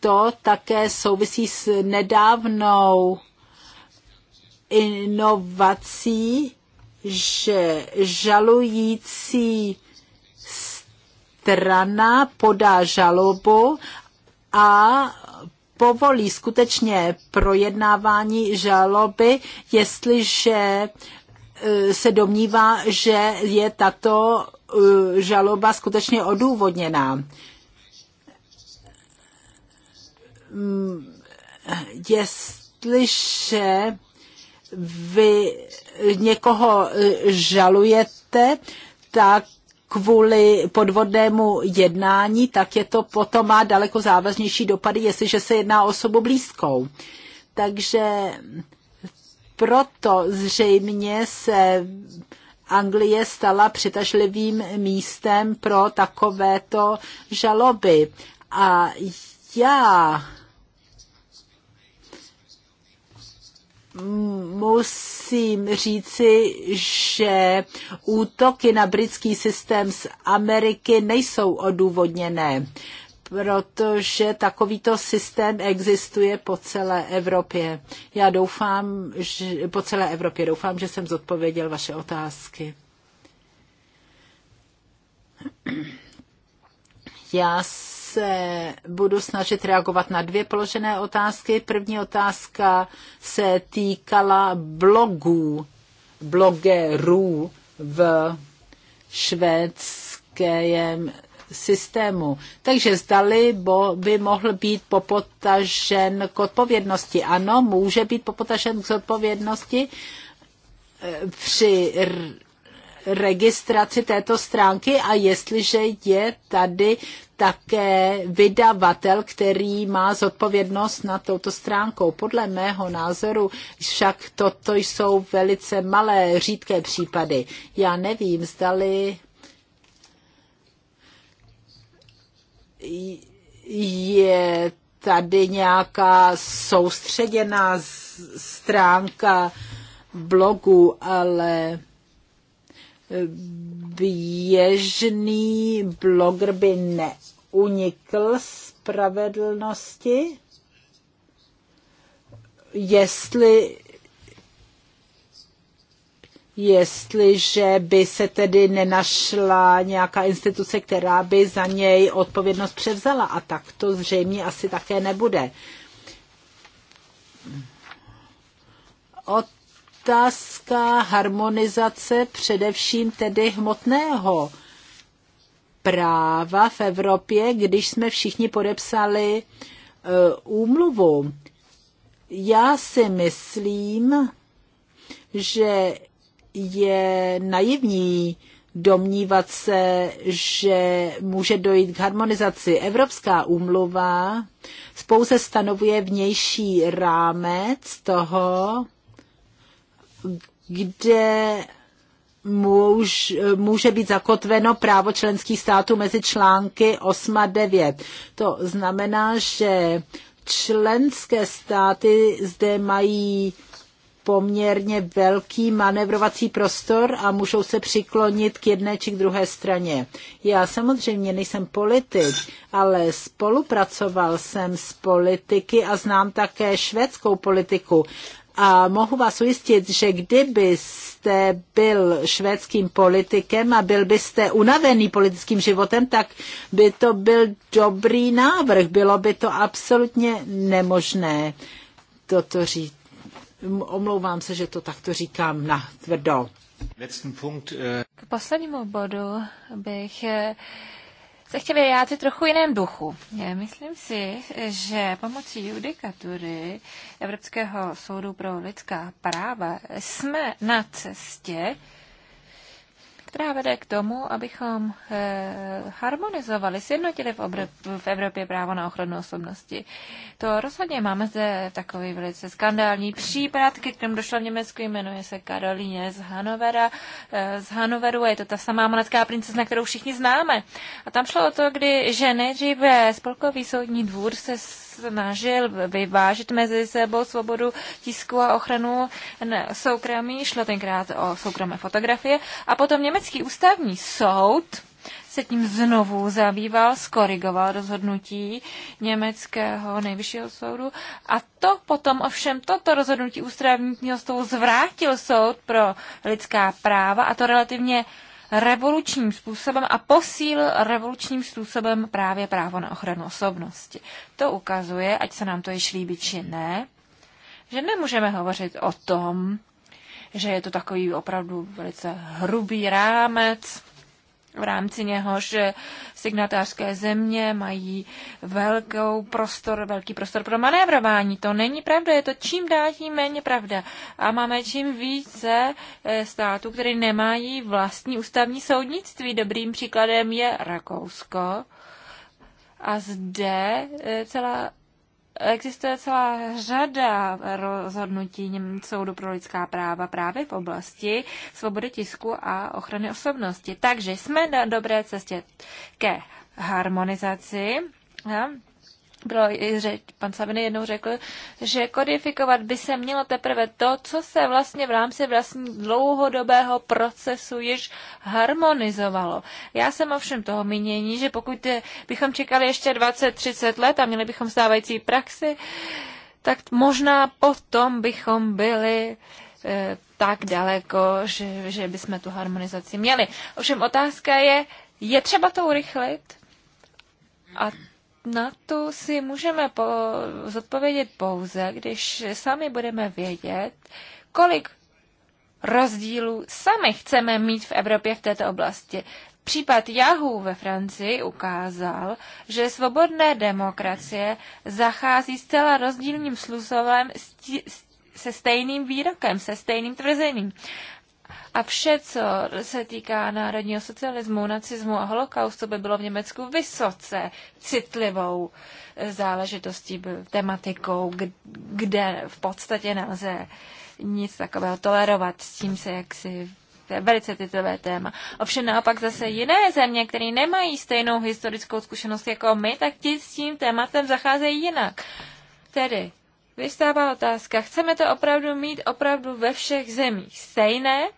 to také souvisí s nedávnou inovací, že žalující strana podá žalobu a povolí skutečně projednávání žaloby, jestliže se domnívá, že je tato eh, žaloba skutečně odůvodněná. Mm, jestliže vy někoho eh, žalujete, tak kvůli podvodnému jednání, tak je to potom má daleko závažnější dopady, jestliže se jedná o osobu blízkou. Takže proto zřejmě se Anglie stala přitažlivým místem pro takovéto žaloby. A já musím říci, že útoky na britský systém z Ameriky nejsou odůvodněné. Uh, protože takovýto systém existuje po celé Evropě. Já doufám, že, po celé Evropě doufám, že jsem zodpověděl vaše otázky. Já se budu snažit reagovat na dvě položené otázky. První otázka se týkala blogů, blogerů v švédském systému. Takže zdali bo, by mohl být popotažen k odpovědnosti. Ano, může být popotažen k odpovědnosti e, při registraci této stránky a jestliže je tady také vydavatel, který má zodpovědnost nad touto stránkou. Podle mého názoru však toto jsou velice malé, řídké případy. Já nevím, zdali je tady nějaká soustředěná stránka blogu, ale běžný bloger by neunikl spravedlnosti, jestli jestliže by se tedy nenašla nějaká instituce, která by za něj odpovědnost převzala. A tak to zřejmě asi také nebude. Otázka harmonizace především tedy hmotného práva v Evropě, když jsme všichni podepsali e, úmluvu. Já si myslím, že je naivní domnívat se, že může dojít k harmonizaci. Evropská úmluva Spouze stanovuje vnější rámec toho, kde může být zakotveno právo členských států mezi články 8 a 9. To znamená, že členské státy zde mají poměrně velký manevrovací prostor a můžou se přiklonit k jedné či k druhé straně. Já samozřejmě nejsem politik, ale spolupracoval jsem s politiky a znám také švédskou politiku. A mohu vás ujistit, že kdybyste byl švédským politikem a byl byste unavený politickým životem, tak by to byl dobrý návrh. Bylo by to absolutně nemožné toto říct Omlouvám se, že to takto říkám na tvrdo. Eh, K poslednímu bodu bych eh, se chtěl vyjádřit trochu jiném duchu. Já myslím si, že pomocí judikatury Evropského soudu pro lidská práva jsme na cestě, která vede k tomu, abychom eh, harmonizovali, sjednotili v, obr- v Evropě právo na ochranu osobnosti. To rozhodně máme zde takový velice skandální případ, ke kterému došlo v Německu, jmenuje se Karolíně z Hanovera, eh, z Hanoveru je to ta samá monacká princezna, kterou všichni známe. A tam šlo o to, kdy, že nejdříve spolkový soudní dvůr se snažil vyvážit mezi sebou svobodu tisku a ochranu soukromí. Šlo tenkrát o soukromé fotografie. A potom německý ústavní soud se tím znovu zabýval, skorigoval rozhodnutí německého nejvyššího soudu a to potom ovšem toto rozhodnutí ústavního soudu zvrátil soud pro lidská práva a to relativně revolučním způsobem a posílil revolučním způsobem právě právo na ochranu osobnosti. To ukazuje, ať se nám to již líbí či ne, že nemůžeme hovořit o tom, že je to takový opravdu velice hrubý rámec, v rámci něhož signatářské země mají velkou prostor, velký prostor pro manévrování. To není pravda, je to čím dál tím méně pravda. A máme čím více eh, států, které nemají vlastní ústavní soudnictví. Dobrým příkladem je Rakousko. A zde eh, celá Existuje celá řada rozhodnutí Soudu pro lidská práva právě v oblasti svobody tisku a ochrany osobnosti. Takže jsme na dobré cestě ke harmonizaci. Ja? bylo i řeč, pan Sabiny jednou řekl, že kodifikovat by se mělo teprve to, co se vlastně v rámci vlastní dlouhodobého procesu již harmonizovalo. Já jsem ovšem toho mínění, že pokud bychom čekali ještě 20-30 let a měli bychom stávající praxi, tak možná potom bychom byli e, tak daleko, že, že bychom tu harmonizaci měli. Ovšem otázka je, je třeba to urychlit? A na to si můžeme po, zodpovědět pouze, když sami budeme vědět, kolik rozdílů sami chceme mít v Evropě v této oblasti. Případ Yahoo ve Francii ukázal, že svobodné demokracie zachází zcela rozdílným sluzovem se stejným výrokem, se stejným tvrzením. A vše, co se týká národního socialismu, nacismu a holokaustu, by bylo v Německu vysoce citlivou eh, záležitostí, tematikou, kde v podstatě nelze nic takového tolerovat. S tím se jaksi to je velice citlivé téma. Ovšem naopak zase jiné země, které nemají stejnou historickou zkušenost jako my, tak ti s tím tématem zacházejí jinak. Tedy vystává otázka, chceme to opravdu mít opravdu ve všech zemích stejné,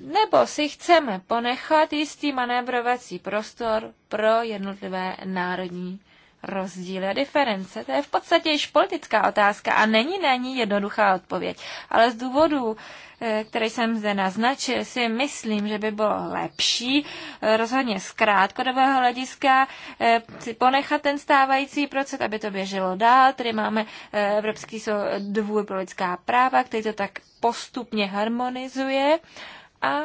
nebo si chceme ponechat jistý manévrovací prostor pro jednotlivé národní rozdíly a diference. To je v podstatě již politická otázka a není na ní jednoduchá odpověď. Ale z důvodu, eh, který jsem zde naznačil, si myslím, že by bylo lepší eh, rozhodně z krátkodobého hlediska eh, si ponechat ten stávající proces, aby to běželo dál. Tady máme Evropský dvůr pro lidská práva, který to tak postupně harmonizuje a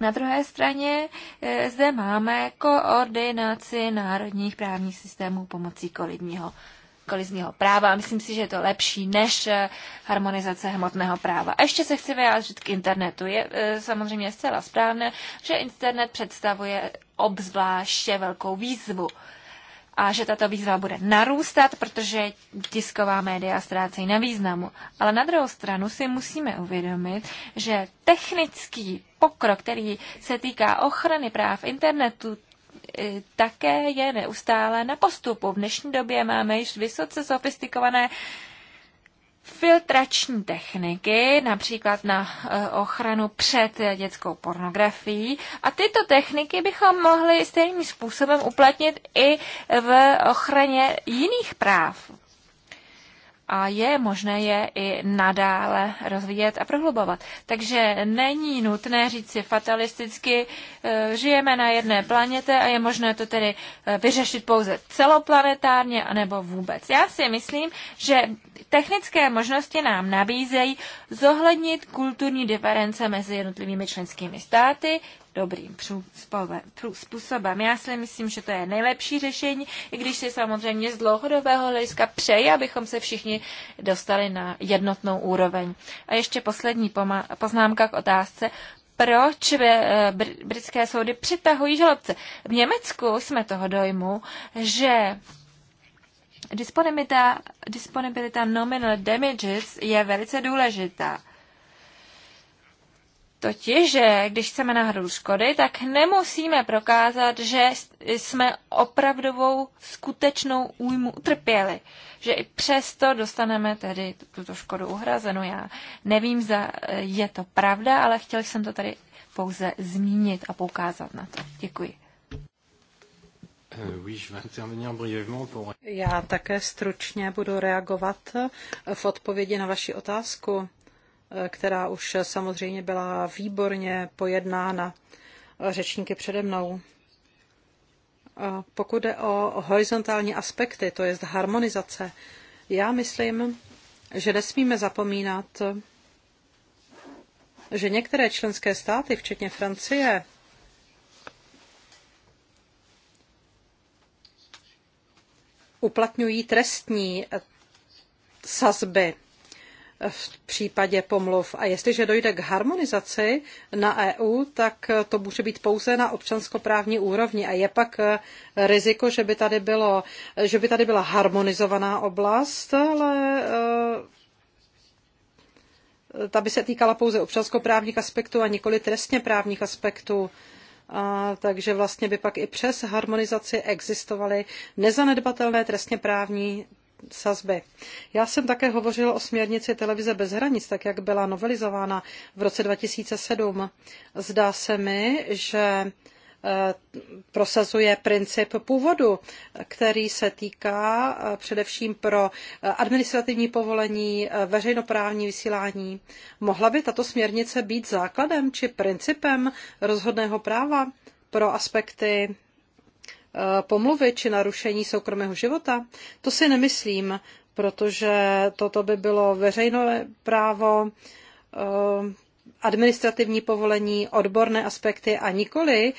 na druhé straně eh, zde máme koordinaci národních právních systémů pomocí kolidního kolizního práva a myslím si, že je to lepší než eh, harmonizace hmotného práva. A ještě se chci vyjádřit k internetu. Je eh, samozřejmě zcela správné, že internet představuje obzvláště velkou výzvu a že tato výzva bude narůstat, protože tisková média ztrácejí na významu. Ale na druhou stranu si musíme uvědomit, že technický pokrok, který se týká ochrany práv internetu, eh, také je neustále na postupu. V dnešní době máme již vysoce sofistikované filtrační techniky, například na eh, ochranu před dětskou pornografií. A tyto techniky bychom mohli stejným způsobem uplatnit i v ochraně jiných práv a je možné je i nadále rozvíjet a prohlubovat. Takže není nutné říct si fatalisticky, e, žijeme na jedné planetě a je možné to tedy e, vyřešit pouze celoplanetárně anebo vůbec. Já si myslím, že technické možnosti nám nabízejí zohlednit kulturní diference mezi jednotlivými členskými státy, dobrým způsobem. Já si myslím, že to je nejlepší řešení, i když si samozřejmě z dlouhodobého hlediska přeji, abychom se všichni dostali na jednotnou úroveň. A ještě poslední poznámka k otázce, proč eh, britské soudy přitahují žalobce. V Německu jsme toho dojmu, že disponibilita, disponibilita nominal damages je velice důležitá. Totiž, že když chceme náhradu škody, tak nemusíme prokázat, že jsme opravdovou skutečnou újmu utrpěli. Že i přesto dostaneme tedy tuto škodu uhrazenu. Já nevím, za je to pravda, ale chtěl jsem to tady pouze zmínit a poukázat na to. Děkuji. Eh, Já také stručně budu reagovat v odpovědi na vaši otázku která už samozřejmě byla výborně pojednána řečníky přede mnou. Pokud jde o horizontální aspekty, to je harmonizace, já myslím, že nesmíme zapomínat, že některé členské státy, včetně Francie, uplatňují trestní sazby v případě pomluv. A jestliže dojde k harmonizaci na EU, tak to může být pouze na občanskoprávní úrovni. A je pak eh, riziko, že by tady, bylo, že by tady byla harmonizovaná oblast, ale eh, ta by se týkala pouze občanskoprávních aspektů a nikoli trestně právních aspektů. A, takže vlastně by pak i přes harmonizaci existovaly nezanedbatelné trestně právní sazby. Já jsem také hovořila o směrnici televize bez hranic, tak jak byla novelizována v roce 2007. Zdá se mi, že eh, prosazuje princip původu, který se týká eh, především pro eh, administrativní povolení, veřejnoprávní vysílání. Mohla by tato směrnice být základem či principem rozhodného práva pro aspekty Eh, pomluvy či narušení soukromého života? To si nemyslím, protože toto by bylo veřejné právo eh, administrativní povolení, odborné aspekty a nikoli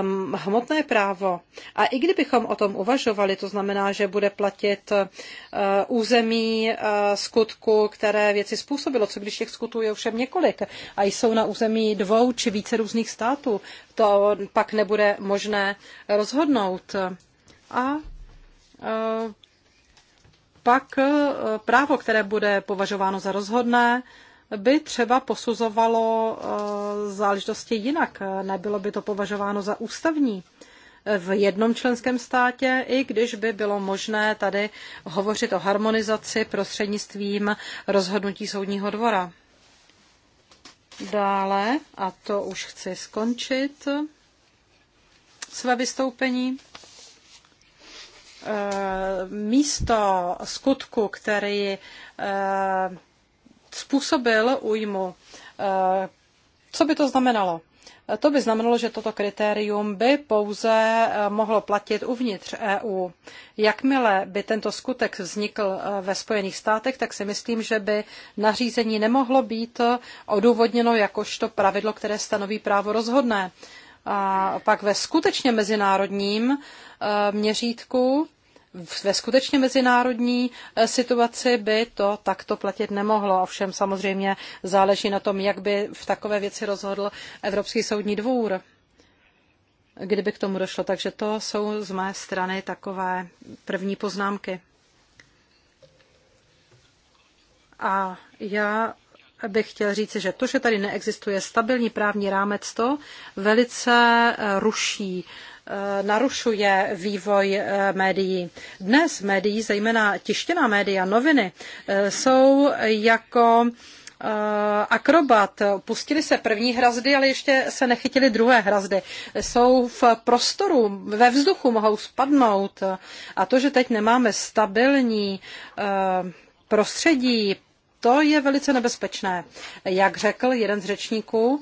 um, hmotné právo. A i kdybychom o tom uvažovali, to znamená, že bude platit uh, území uh, skutku, které věci způsobilo, co když těch skutků je ovšem několik a jsou na území dvou či více různých států, to pak nebude možné rozhodnout. A uh, pak právo, které bude považováno za rozhodné, by třeba posuzovalo eh, záležitosti jinak. Nebylo by to považováno za ústavní v jednom členském státě, i když by bylo možné tady hovořit o harmonizaci prostřednictvím rozhodnutí soudního dvora. Dále, a to už chci skončit své vystoupení, eh, místo skutku, který eh, způsobil újmu. Eh, co by to znamenalo? Eh, to by znamenalo, že toto kritérium by pouze eh, mohlo platit uvnitř EU. Jakmile by tento skutek vznikl ve Spojených státech, tak si myslím, že by nařízení nemohlo být odůvodněno jakožto pravidlo, které stanoví právo rozhodné. A pak ve skutečně mezinárodním měřítku ve skutečně mezinárodní e, situaci by to takto platit nemohlo. Ovšem samozřejmě záleží na tom, jak by v takové věci rozhodl Evropský soudní dvůr, kdyby k tomu došlo. Takže to jsou z mé strany takové první poznámky. A já bych chtěl říct, že to, že tady neexistuje stabilní právní rámec, to velice e, ruší Eh, narušuje vývoj eh, médií. Dnes médií, zejména tištěná média, noviny, eh, jsou jako akrobat. Pustili se první hrazdy, ale ještě se nechytili druhé hrazdy. Jsou v prostoru, ve vzduchu mohou spadnout. A to, že teď nemáme stabilní prostředí, to je velice nebezpečné. Jak řekl jeden z řečníků,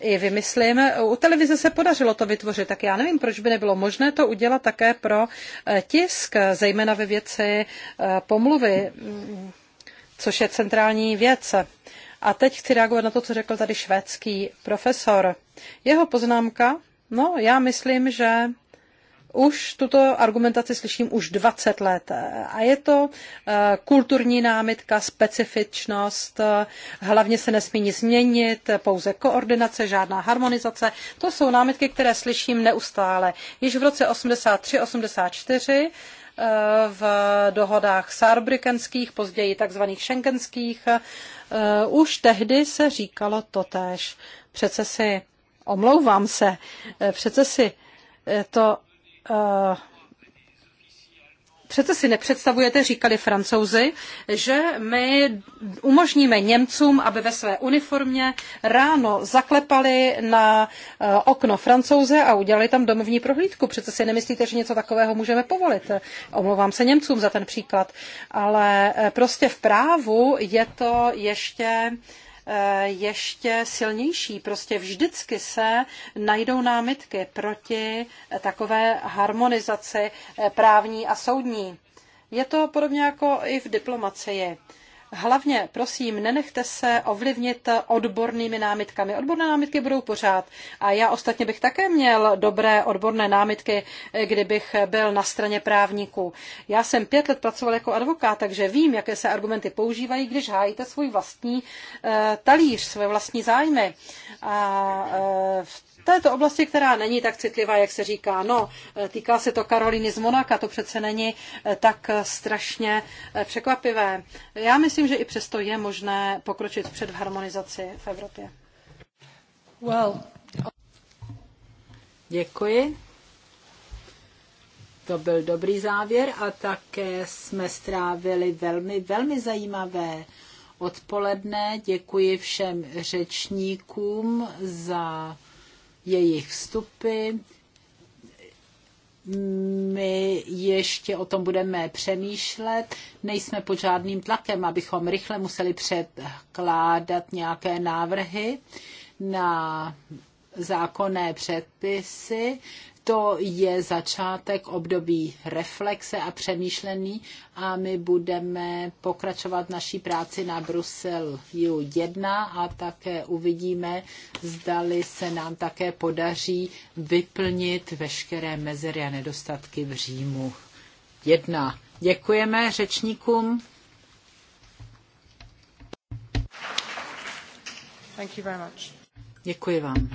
i vymyslím. U televize se podařilo to vytvořit, tak já nevím, proč by nebylo možné to udělat také pro eh, tisk, zejména ve věci eh, pomluvy, což je centrální věc. A teď chci reagovat na to, co řekl tady švédský profesor. Jeho poznámka, no já myslím, že už tuto argumentaci slyším už 20 let a je to eh, kulturní námitka, specifičnost, eh, hlavně se nesmí nic změnit, pouze koordinace, žádná harmonizace. To jsou námitky, které slyším neustále. Již v roce 83-84 eh, v dohodách sárbrikenských, později takzvaných Schengenských už tehdy se říkalo totéž. Přece si, omlouvám se, přece si to Eh, přece si nepředstavujete, říkali francouzi, že my umožníme Němcům, aby ve své uniformě ráno zaklepali na eh, okno francouze a udělali tam domovní prohlídku. Přece si nemyslíte, že něco takového můžeme povolit. Omlouvám se Němcům za ten příklad. Ale eh, prostě v právu je to ještě uh, Eh, ještě silnější. Prostě vždycky se najdou námitky proti takové harmonizaci eh, právní a soudní. Je to podobně jako i v diplomacii. Hlavně, prosím, nenechte se ovlivnit odbornými námitkami. Odborné námitky budou pořád. A já ostatně bych také měl dobré odborné námitky, kdybych byl na straně právníků. Já jsem pět let pracoval jako advokát, takže vím, jaké se argumenty používají, když hájíte svůj vlastní eh, talíř, své vlastní zájmy. A eh, v této oblasti, která není tak citlivá, jak se říká. No, e, týká se to Karoliny z Monaka, to přece není e, tak e, strašně překvapivé. Já myslím, že i přesto je možné pokročit před v harmonizaci v Evropě. Well. Děkuji. To byl dobrý závěr a také jsme strávili velmi, velmi zajímavé odpoledne. Děkuji všem řečníkům za jejich vstupy. My ještě o tom budeme přemýšlet. Nejsme pod žádným tlakem, abychom rychle museli předkládat nějaké návrhy na zákonné předpisy to je začátek období reflexe a přemýšlení a my budeme pokračovat naší práci na Brusel 1 a také uvidíme, zdali se nám také podaří vyplnit veškeré mezery a nedostatky v Římu 1. Děkujeme řečníkům. Thank you very much. Děkuji vám.